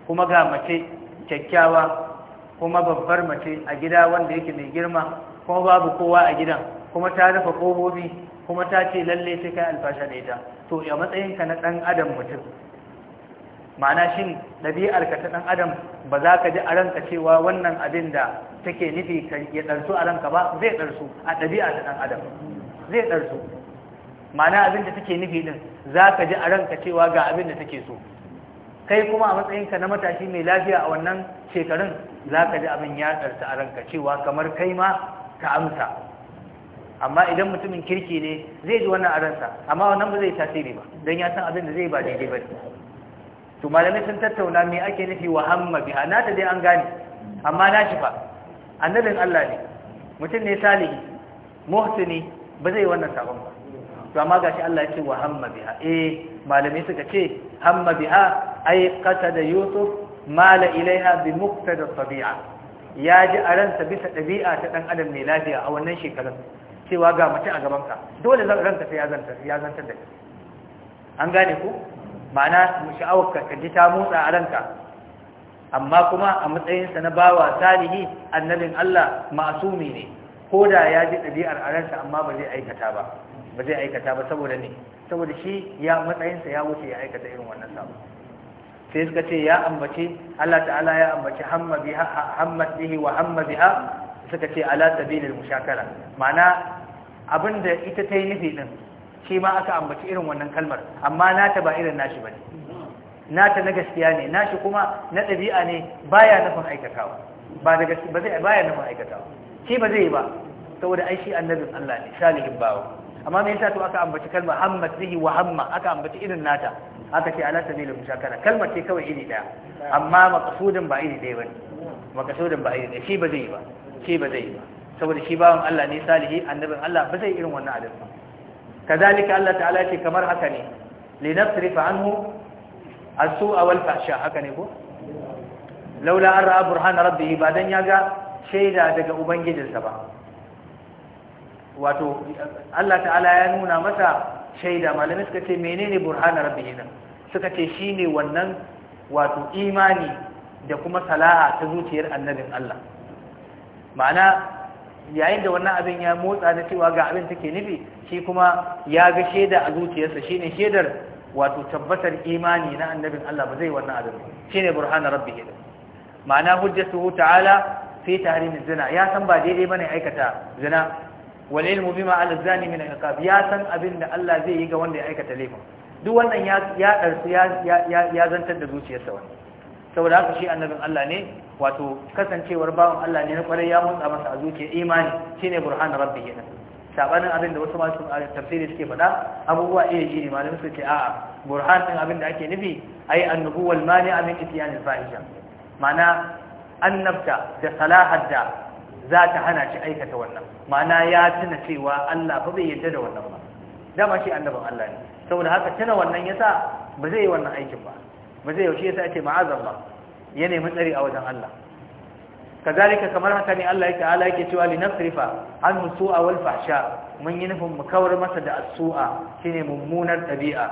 kuma ga mace kyakkyawa kuma babbar mace a gida wanda yake mai girma kuma babu kowa a gidan kuma ta dafa kobobi kuma ta ce lalle sai kai alfasha da ita to ya matsayinka na ɗan adam mutum ma'ana shin ɗabi'arka ta ɗan adam ba za ka ji a ranka cewa wannan abin da take nufi ya ɗarsu a ranka ba zai ɗarsu a ɗabi'a ta ɗan adam zai ɗarsu ma'ana abin da take nufi din, za ka ji a ranka cewa ga abin da take so kai kuma a matsayinka na matashi mai lafiya a wannan shekarun za ka ji abin ya darsu a ranka cewa kamar kai ma ka amsa amma idan mutumin kirki ne zai ji wannan aransa amma wannan ba zai tasiri ba don ya san abin da zai ba daidai ba to malamai sun tattauna me ake nufi wa hamma biha na ta dai an gane amma na shi fa annabin Allah ne mutum ne salihi muhsini ba zai wannan sabon ba to amma gashi Allah ya ce wa hamma biha eh malamai suka ce hamma biha ay qatada yusuf mala ilaiha bi muqtada tabi'a ya ji a ransa bisa ɗabi'a ta ɗan adam mai lafiya a wannan shekarun cewa ga mutum a gabanka dole ransa ta ya zantar da an gane ku ma'ana sha'awar ka ji ta motsa a ranka amma kuma a matsayinsa na bawa salihi annabin Allah masumi ne ko da ya ji ɗabi'ar a ransa amma ba zai aikata ba ba zai aikata ba saboda ne saboda shi ya matsayinsa ya wuce ya aikata irin wannan sabo sai suka ce ya ambace Allah ta'ala ya ambace hammad biha bihi wa hammad biha suka ce ala sabilil mushakara ma'ana abinda ita ta yi nufi din shi ma aka ambaci irin wannan kalmar amma nata ba irin nashi bane nata na gaskiya ne nashi kuma na ɗabi'a ne baya nufin aikatawa ba da gaskiya ba zai baya nufin aikatawa shi ba zai yi ba saboda ai shi annabin Allah ne salihin bawa amma me yasa to aka ambaci kalmar hammat bihi wa hamma aka ambaci irin nata aka ce ala sabilil mushakara kalmar ce kawai iri daya amma maqsudin ba iri daya bane maqsudin ba iri daya shi ba zai ba shi ba zai ba saboda shi bawan Allah ne salihi annabin Allah ba zai irin wannan adalci ba kazalika Allah ta'ala ce kamar haka ne linasrifa anhu as-su'a wal fahsha haka ne ko laula an ra'a rabbi rabbihi ba dan yaga shaida daga ubangijinsa ba wato Allah ta'ala ya nuna masa shaida malamai suka ce menene burhana rabbihi suka ce shine wannan wato imani da kuma salaha ta zuciyar annabin Allah ma'ana yayin da wannan abin ya motsa na cewa ga abin take nufi shi kuma ya ga shaida a zuciyarsa shine shaidar wato tabbatar imani na annabin Allah ba zai wannan abin shine burhana rabbihi ma'ana hujjatu ta'ala fi tahrimi zina ya san ba daidai bane aikata zina wal ilmu bima ala zani min iqab ya san abin da Allah zai yi ga wanda ya aikata laifin duk wannan ya ya darsu ya ya zantar da zuciyarsa wani saboda haka shi annabin Allah ne wato kasancewar bawan Allah ne na kwarai ya mutsa masa a zuciya imani shine burhan rabbi kenan sabanin abin da wasu masu tafsiri suke faɗa abubuwa iya ji ne malamin suke a'a burhan din abin da ake nufi ai annubuwal mani amin ityan al-fahisha ma'ana annabta da salahar da za ta hana shi aikata wannan ma'ana ya tuna cewa Allah ba bai yarda da wannan ba dama shi annabin Allah ne saboda haka tuna wannan yasa ba zai yi wannan aikin ba ba zai yaushe yasa ake ma'azan ba ya nemi tsari a wajen Allah kazalika kamar haka ne Allah yake ala yake cewa linasrifa an su'a wal fahsha mun yi nufin mu kawar masa da sua shine mummunar dabi'a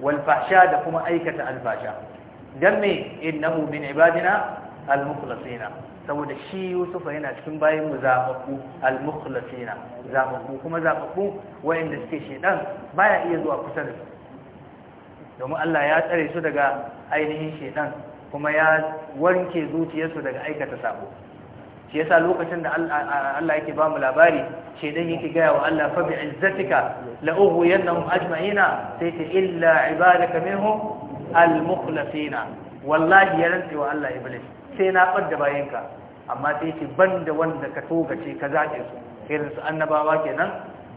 wal fahsha da kuma aikata al fahsha dan me innahu min ibadina al-mukhlasina saboda shi Yusuf yana cikin bayin mu zababbu al-mukhlasina zafafu kuma zafafu wayanda suke shedan baya iya zuwa kusa da su domin Allah ya tsare su daga ainihin shedan kuma ya wanke zuciyarsu daga aikata sabo shi yasa lokacin da Allah yake ba mu labari shedan yake gaya wa Allah fa bi izzatika la ughwiyannahum ajma'ina sai ta illa ibadaka minhum al-mukhlasina wallahi ya rantsi wa Allah iblis sai na bayan bayanka amma sai ce ban da wanda ka togace ka zaɓe su irin su annabawa kenan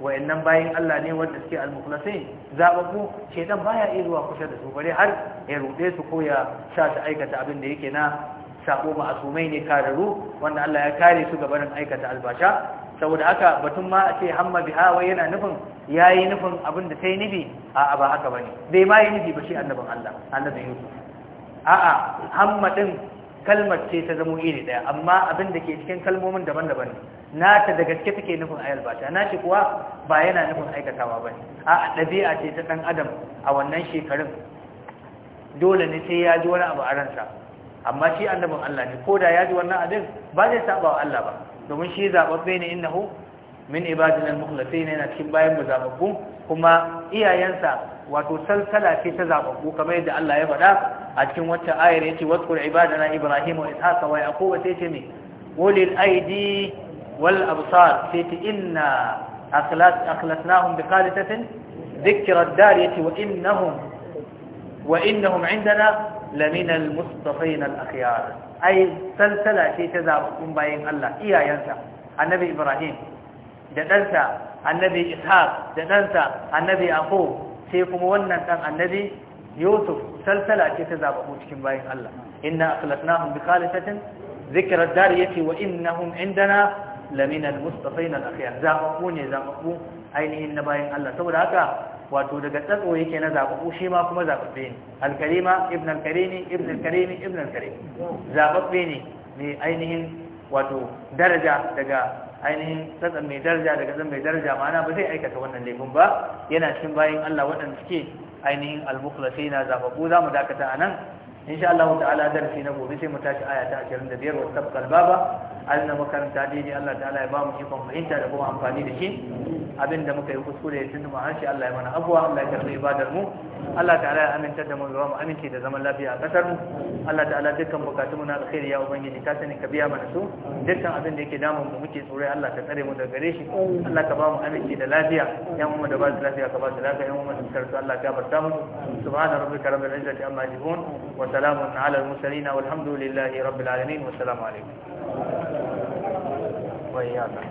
wayannan bayan Allah ne wanda suke almukhlasin ce shedan baya iya zuwa kusa da su bare har ya rude su ko ya sa su aikata abin da yake na sako ma'asumai ne kararru wanda Allah ya kare su gabanin aikata albasha saboda haka batun ma a ce hamma biha hawa yana nufin ya yi nufin abin da ta yi nufi a'a ba haka ba ne bai ma yi nufi ba shi annabin Allah annabin Yusuf a'a hamma din kalmar ce ta zamo iri daya amma abin da ke cikin kalmomin daban-daban na nata da gaske take nufin ayalbata ce kuwa ba yana nufin aikatawa ba a ɗabi'a ce ta ɗan adam a wannan shekarun dole ne sai ya ji wani abu a ransa amma shi annabin Allah ne ko da ya ji wannan abin ba zai saba wa Allah ba domin shi zaɓaɓɓe ne innahu min ibadina al-mukhlasin yana cikin bayan mu kuma iyayensa wato salsala ce ta zababbu kamar yadda Allah ya faɗa a cikin wata ayar yace wadkur ibadana ibrahim wa ishaqa wa yaquba sai ce me ulil aidi wal absar sai ce inna akhlas akhlasnahum bi qalidatin dhikra ad-dar yace wa innahum wa innahum indana lamina al-mustafain al-akhyar ai salsala ce ta zababbun bayan Allah iyayensa annabi ibrahim da ɗansa annabi ishaq da ɗansa annabi ako sai kuma wannan ɗan annabi yusuf salsala ce ta zaɓaɓu cikin bayan Allah inna akhlasnahum bi khalisatin zikrar dar yace wa innahum indana lamina almustafaina alakhyar zaɓaɓu ne zaɓaɓu ainihin na bayan Allah saboda haka wato daga tsatso yake na zaɓaɓu shi ma kuma zaɓaɓɓe ne alkarima ibn alkarimi ibn alkarimi ibn alkarimi zaɓaɓɓe ne mai ainihin wato daraja daga ainihin tsatsan mai daraja daga zan mai daraja ma'ana ba zai aikata wannan laifin ba yana cikin bayan Allah waɗanda suke ainihin al na zababu zamu dakata anan insha Allah ta'ala darasi na gobe sai mu tashi aya ta 25 wa sabqal baba Allah na makaranta daidai Allah ta'ala ya ba mu ikon fahimta da kuma amfani da shi abinda muka yi kuskure ya tuntuba an shi Allah ya mana abuwa Allah ya karbi ibadar mu Allah ta'ala ya aminta da mu ya mu aminci da zaman lafiya a kasar mu Allah ta'ala dukkan bukatun mu na alkhairi ya ubangiji ka sani ka biya mana su dukkan abin da yake damun mu muke tsoro Allah ka tsare mu daga gare shi Allah ka ba mu aminci da lafiya yan mu da ba su lafiya ka ba su lafiya yan mu da su Allah Ya barta mu subhana rabbika rabbil izzati amma yasifun wa salamun ala al mursalin والحمد لله رب wa والسلام عليكم 我一样的。